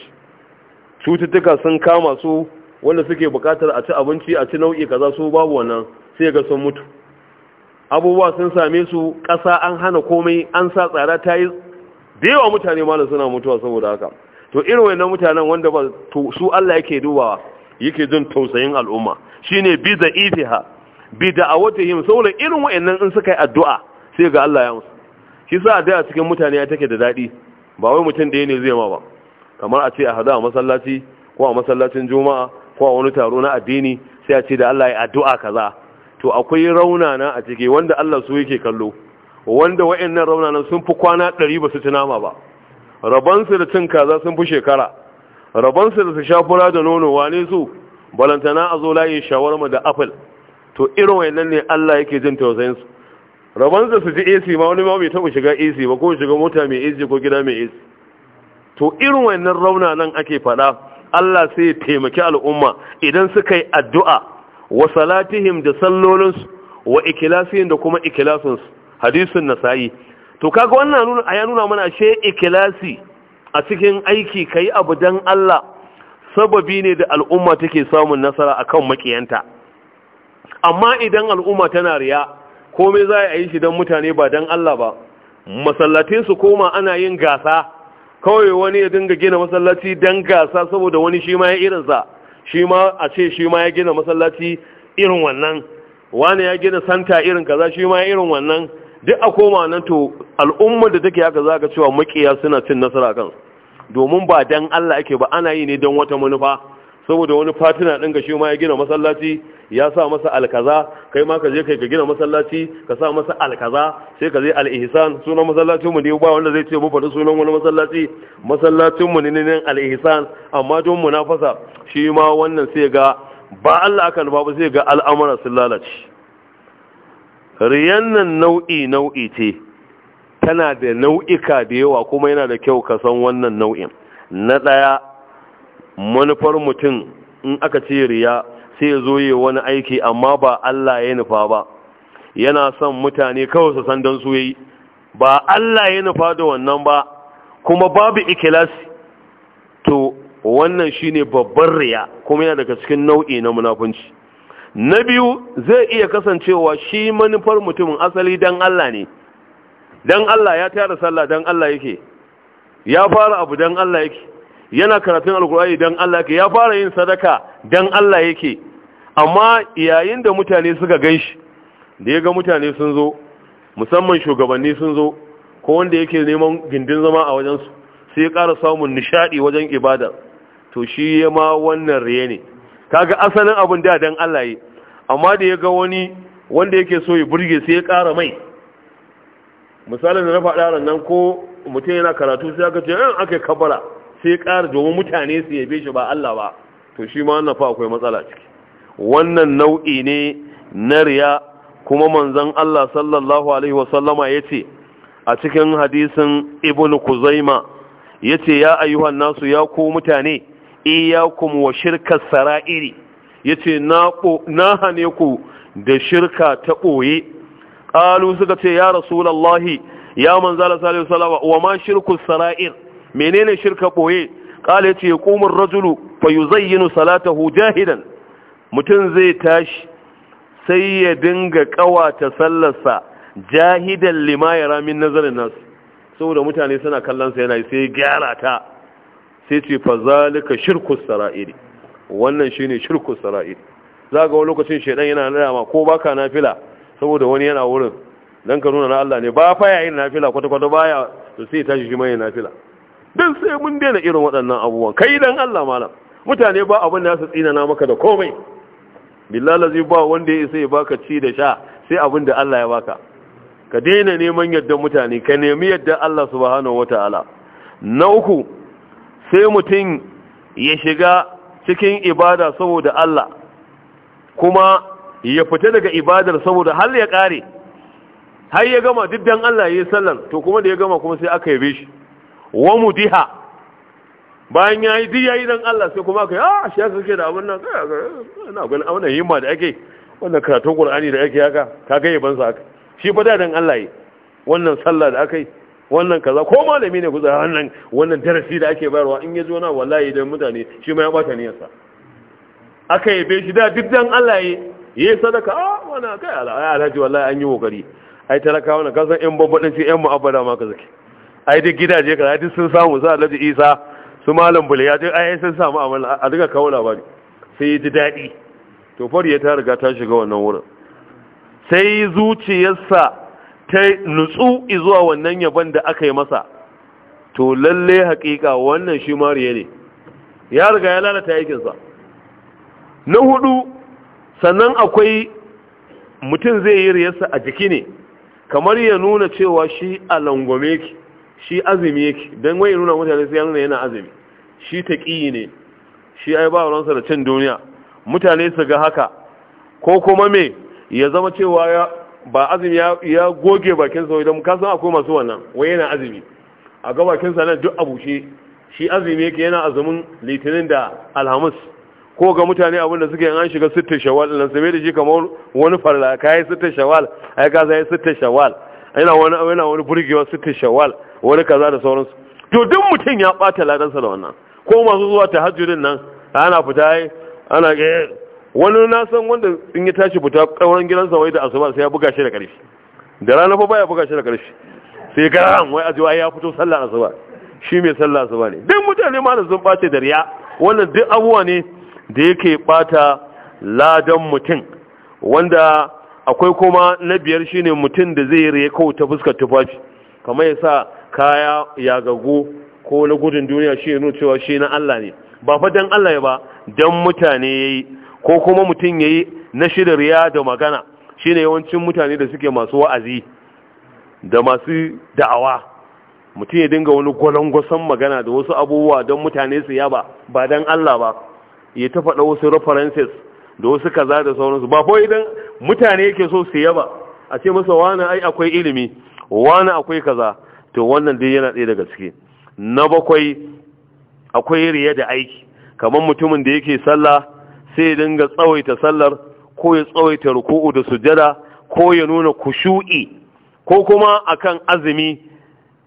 cututtuka sun kama su wanda suke bukatar a ci abinci a ci nau'i kaza su babu wannan sai ga sun mutu abubuwa sun same su ƙasa an hana komai an sa tsara ta yi da yawa mutane ma suna mutuwa saboda haka to irin wannan mutanen wanda ba su Allah yake dubawa yake jin tausayin al'umma shine bi da ifiha bi da awatihim saboda irin wayannan in suka yi addu'a sai ga Allah ya musu shi sa da cikin mutane ya take da dadi ba wai mutum da ne zai ma ba kamar a ce a hada a masallaci ko a masallacin juma'a ko a wani taro na addini sai a ce da Allah ya addu'a kaza to akwai raunana a cike wanda Allah su yake kallo wanda wayannan raunanan sun fi kwana 100 ba su ci nama ba rabansu da cin kaza sun fi shekara rabansu da su shafura da nono wane su balantana a zo layi shawarma da apple to irin wannan ne Allah yake jin tausayin su rabon da su ji AC ma wani ma bai taɓa shiga AC ba ko shiga mota mai AC ko gida mai AC to irin wannan rauna nan ake fada Allah sai ya taimaki al'umma idan suka yi addu'a wa salatihim da sallolinsu wa ikilasihim da kuma ikilasinsu hadisin nasayi to kaga wannan nuna ya nuna mana she ikilasi a cikin aiki kai abu dan Allah sababi ne da al'umma take samun nasara a kan makiyanta amma idan al'umma tana riya komai za a yi shi don mutane ba don Allah ba masallatin su koma ana yin gasa kawai wani ya dinga gina masallaci don gasa saboda wani shi ma ya irinsa shi ma a ce shi ma ya gina masallaci irin wannan wani ya gina santa irin kaza shi ma irin wannan duk a koma nan to al'ummar da take haka za ka cewa makiya suna cin nasara kansu domin ba dan Allah ake ba ana yi ne don wata manufa saboda wani fatina din ga shi ma ya gina masallaci ya sa masa alkaza kai ma ka je kai ka gina masallaci ka sa masa alkaza sai ka je al-ihsan sunan masallacin mu ne ba wanda zai ce mu faɗi sunan wani masallaci masallacin mu ne ne al-ihsan amma don munafasa shi ma wannan sai ga ba Allah aka nufa ba sai ga al'amura sun lalace riyan nan nau'i nau'i ce tana da nau'ika da yawa kuma yana da kyau ka san wannan nau'in na ɗaya manufar mutum in aka ce riya sai ya zo yi wani aiki amma ba Allah ya nufa ba yana son mutane kawai su san don su yi ba Allah ya nufa da wannan ba kuma babu ikilasi to wannan shine babban riya kuma yana daga cikin nau'i na munafunci na biyu zai iya kasancewa shi manufar mutumin asali dan Allah ne dan Allah ya tayar da sallah dan Allah yake ya fara abu dan Allah yake yana karatun alkur'ani dan Allah yake ya fara yin sadaka dan Allah yake amma yayin da mutane suka ganshi da ya ga mutane sun zo musamman shugabanni sun zo ko wanda yake neman gindin zama a wajensu sai ya ƙara samun nishaɗi wajen ibada to shi ya ma wannan riye ne kaga asalin abun da dan Allah yi amma da ya ga wani wanda yake so ya burge sai ya ƙara mai misalin da na faɗa nan ko mutum yana karatu sai aka ce yan aka kabara sai ƙara domin mutane su yabe shi ba Allah ba to shi ma wannan fa akwai matsala ciki wannan nau'i ne na riya kuma manzon Allah sallallahu alaihi sallama yace a cikin hadisin ibn kuzaima yace ya ayyuhan nasu ya ku mutane iyyakum wa shirkas sara'iri yace na na hane ku da shirka ta ɓoye qalu suka ce ya rasulullahi ya manzala sallallahu alaihi wasallam wa ma shirku sara'ir menene shirka boye qala yace yaqumur rajulu fayuzayyinu salatahu jahidan mutun zai tashi sai ya dinga kawata sallarsa jahidan lima yara min nazarin nas saboda mutane suna kallon sa yana sai gyara ta sai ce fa zalika shirku sara'ir wannan shine shirku sara'ir zaga wani lokacin shedan yana nuna ma ko baka nafila saboda wani yana wurin dan ka nuna na Allah ne ba fa yin nafila kwata kwata ba ya su sai tashi shi mai nafila dan sai mun daina irin waɗannan abubuwan kai dan Allah malam mutane ba abin da su tsina na maka da komai billahi ba wanda ya isa ya baka ci da sha sai abin da Allah ya baka ka daina neman yadda mutane ka nemi yadda Allah subhanahu wataala na uku sai mutum ya shiga cikin ibada saboda Allah kuma ya fita daga ibadar saboda har ya kare har ya gama duk dan Allah yi sallar to kuma da ya gama kuma sai aka yabe shi wa mudiha bayan yayi duk yi dan Allah sai kuma aka yi ah shi aka kake da abin nan ina ganin nan himma da ake wannan karatun Qur'ani da ake haka ga yaban sa haka shi fa da dan Allah yi wannan sallah da aka yi wannan kaza ko malami ne kuza wannan wannan darasi da ake bayarwa in ya zo na wallahi dan mutane shi ma ya bata niyyarsa aka yabe shi da duk dan Allah yi yi sadaka a ah, wani kai alhaji wallahi an yi kokari ai talaka wani kasan yan babbaɗin ce yan mu'abbada ma ka zaki ai duk gidaje ka duk sun samu sa alhaji isa su malam bule ya ce ai sun samu amala a duka kawo labari sai ya ji daɗi to fari ya ta riga ta shiga wannan wurin sai zuciyarsa ta nutsu zuwa wannan yaban da aka yi masa to lalle hakika wannan shi mariya ne ya riga ya lalata aikinsa na hudu sannan akwai mutum zai yi riyarsa a jiki ne kamar ya nuna cewa shi a langwame ki shi azumi yake don wai nuna mutane sai yana yana azumi shi taƙiyi ne shi ai ba ransa da cin duniya mutane su ga haka ko kuma me ya zama cewa ya ba azumi ya goge bakin sa idan ka san akwai masu wannan wai yana azumi a ga bakin sa nan duk abu shi shi azumi yake yana azumin litinin da alhamis ko ga mutane abin da suke an shiga sitta shawal nan sai da shi kamar wani farla kai sitta shawal ai ka sai sitta shawal ina wani ina wani burgewa sitta shawal wani kaza da sauransu to duk mutum ya bata ladansa da wannan ko masu zuwa tahajjudin nan ana fita ana ga wani na san wanda in ya tashi fita kauran gidansa wai da asuba sai ya buga shi da karfi da rana fa baya buga shi da karfi sai garan wai azuwa ya fito sallar asuba shi mai sallar asuba ne duk mutane ma da sun bace da riya wannan duk abuwa ne da yake bata ladan mutum wanda akwai kuma na biyar shine mutum da zai raye kawo ta fuskar tufafi kamar yasa kaya ya gago ko na gudun duniya shi ne, cewa shi na Allah ne ba fa dan Allah ya ba dan mutane yayi ko kuma mutum yayi na shirya riya da magana shine yawancin mutane da suke masu wa'azi da masu da'awa mutum ya dinga wani gwalangwasan magana da wasu abubuwa don mutane su yaba ba dan Allah ba ya ta faɗa wasu references da wasu kaza da sauransu ba kawai idan mutane yake so su yaba a ce masa wani ai akwai ilimi wani akwai kaza to wannan dai yana ɗaya daga ciki na bakwai akwai riya da aiki kamar mutumin da yake sallah sai dinga tsawaita sallar ko ya tsawaita ruku'u da sujada ko ya nuna kushu'i ko kuma akan azumi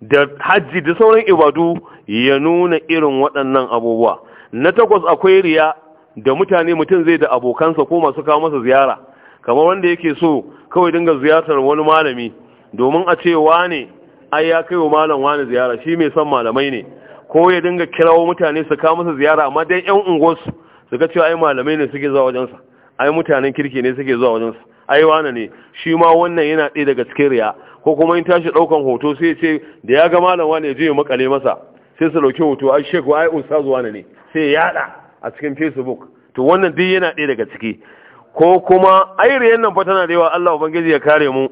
da hajji da sauran ibadu ya nuna irin waɗannan abubuwa na takwas akwai riya da mutane mutum zai da abokansa ko masu kawo masa ziyara kamar wanda yake so kawai dinga ziyartar wani malami domin a ce wane ai ya kai wa malam wani ziyara shi mai son malamai ne ko ya dinga kirawo mutane su kawo masa ziyara amma dai yan unguwarsu su ga cewa ai malamai ne suke zuwa wajensa ai mutanen kirki ne suke zuwa wajensa ai wane ne shi ma wannan yana ɗaya daga cikin riya ko kuma in tashi ɗaukan hoto sai ce da ya ga malam wane ya je ya makale masa sai su ɗauki hoto ai shek ai ustaz wane ne sai yada a cikin facebook to wannan duk yana ɗaya daga ciki ko kuma airiyan nan fa tana da yawa Allah ubangiji ya kare mu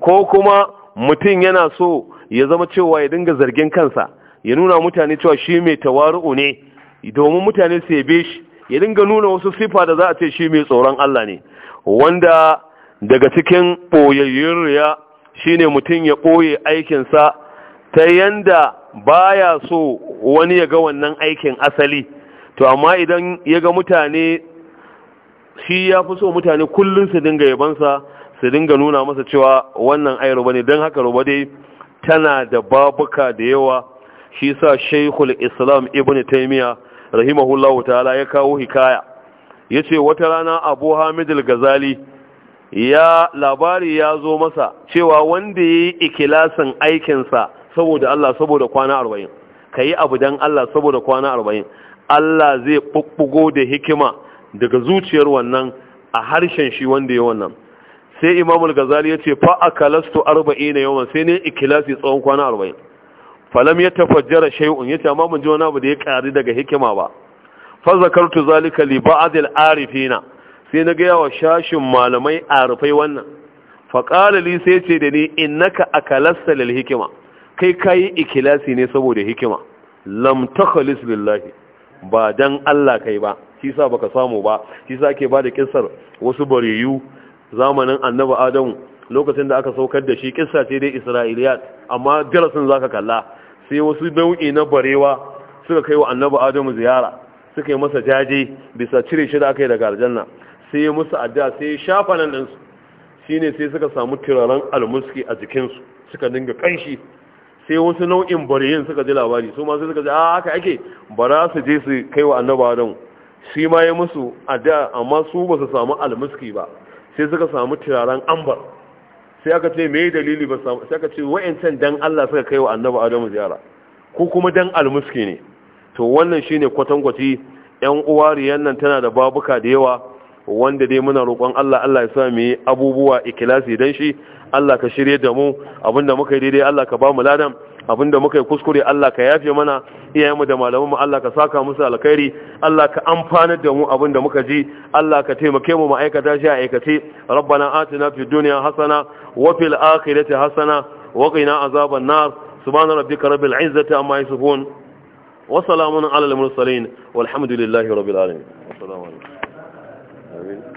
ko kuma mutum yana so ya zama cewa ya dinga zargin kansa ya nuna mutane cewa shi mai tawaru'u ne domin mutane su yabe shi ya dinga nuna wasu sifa da za a ce shi mai tsoron Allah ne wanda daga cikin ɓoyayyun riya shine mutum ya ɓoye aikinsa ta yanda baya so wani ya ga wannan aikin asali to amma idan ya ga mutane shi ya fi so mutane kullum su dinga yabansa su dinga nuna masa cewa wannan ai ruba ne don haka ruba dai tana da babuka da yawa shi sa shaikhul islam ibn taimiya rahimahullahu ta'ala ya kawo hikaya ya ce wata rana abu hamid gazali ya labari ya zo masa cewa wanda ya yi ikilasin aikinsa saboda Allah saboda kwana arba'in ka yi abu don Allah saboda kwana arba'in Allah zai ƙuƙƙugo da hikima daga zuciyar wannan a harshen shi wanda ya wannan sai imamul gazali ya ce fa akalastu arba'in yawan sai ne ikilasi tsawon kwana arba'in falam ya tafajjara shay'un ce amma mun ji wani abu da ya ƙari daga hikima ba fa zakartu zalika li ba'd arifina sai na gaya wa shashin malamai arifai wannan fa qala li sai ce da ni innaka akalasta lil hikima kai kai ikilasi ne saboda hikima lam takhlis lillahi ba dan Allah kai ba shi sa baka samu ba shi sa ake bada kissar wasu bareyu zamanin annabi Adam lokacin da aka saukar da shi kisa ce dai Isra'iliya amma darasin zaka kalla sai wasu nau'i na barewa suka kai wa annabi Adam ziyara suka yi masa jaje bisa cire shi da aka yi daga aljanna sai ya musu adda sai shafanan shafa nan shine sai suka samu turaren almuski a jikinsu suka dinga kanshi sai wasu nau'in bariyin suka ji labari su ma suka ji a ah, haka ake bara su je su kai wa annaba don shi ma ya musu da amma su ba su samu almuski ba sai suka samu turaren ambar sai aka ce me dalili ba samu sai aka ce wa'ancan dan Allah suka kai wa annaba Adamu ziyara ko kuma dan almuski ne to wannan shine kwatankwaci, yan uwa riyan nan tana da babuka da yawa wanda dai muna roƙon Allah Allah ya sa mu yi abubuwa ikilasi dan shi Allah ka shirye da mu abinda muka yi daidai Allah ka ba mu ladan abinda muka yi kuskure Allah ka yafe mana iyayenmu da malamanmu Allah ka saka musu alkhairi Allah ka amfana da mu abinda muka ji Allah ka taimake mu ma'aikata shi a aikace rabbana atina fid dunya hasana wa fil akhirati hasana wa qina azaban nar subhana rabbika rabbil izzati amma yasifun wa salamun alal mursalin walhamdulillahi rabbil alamin assalamu alaikum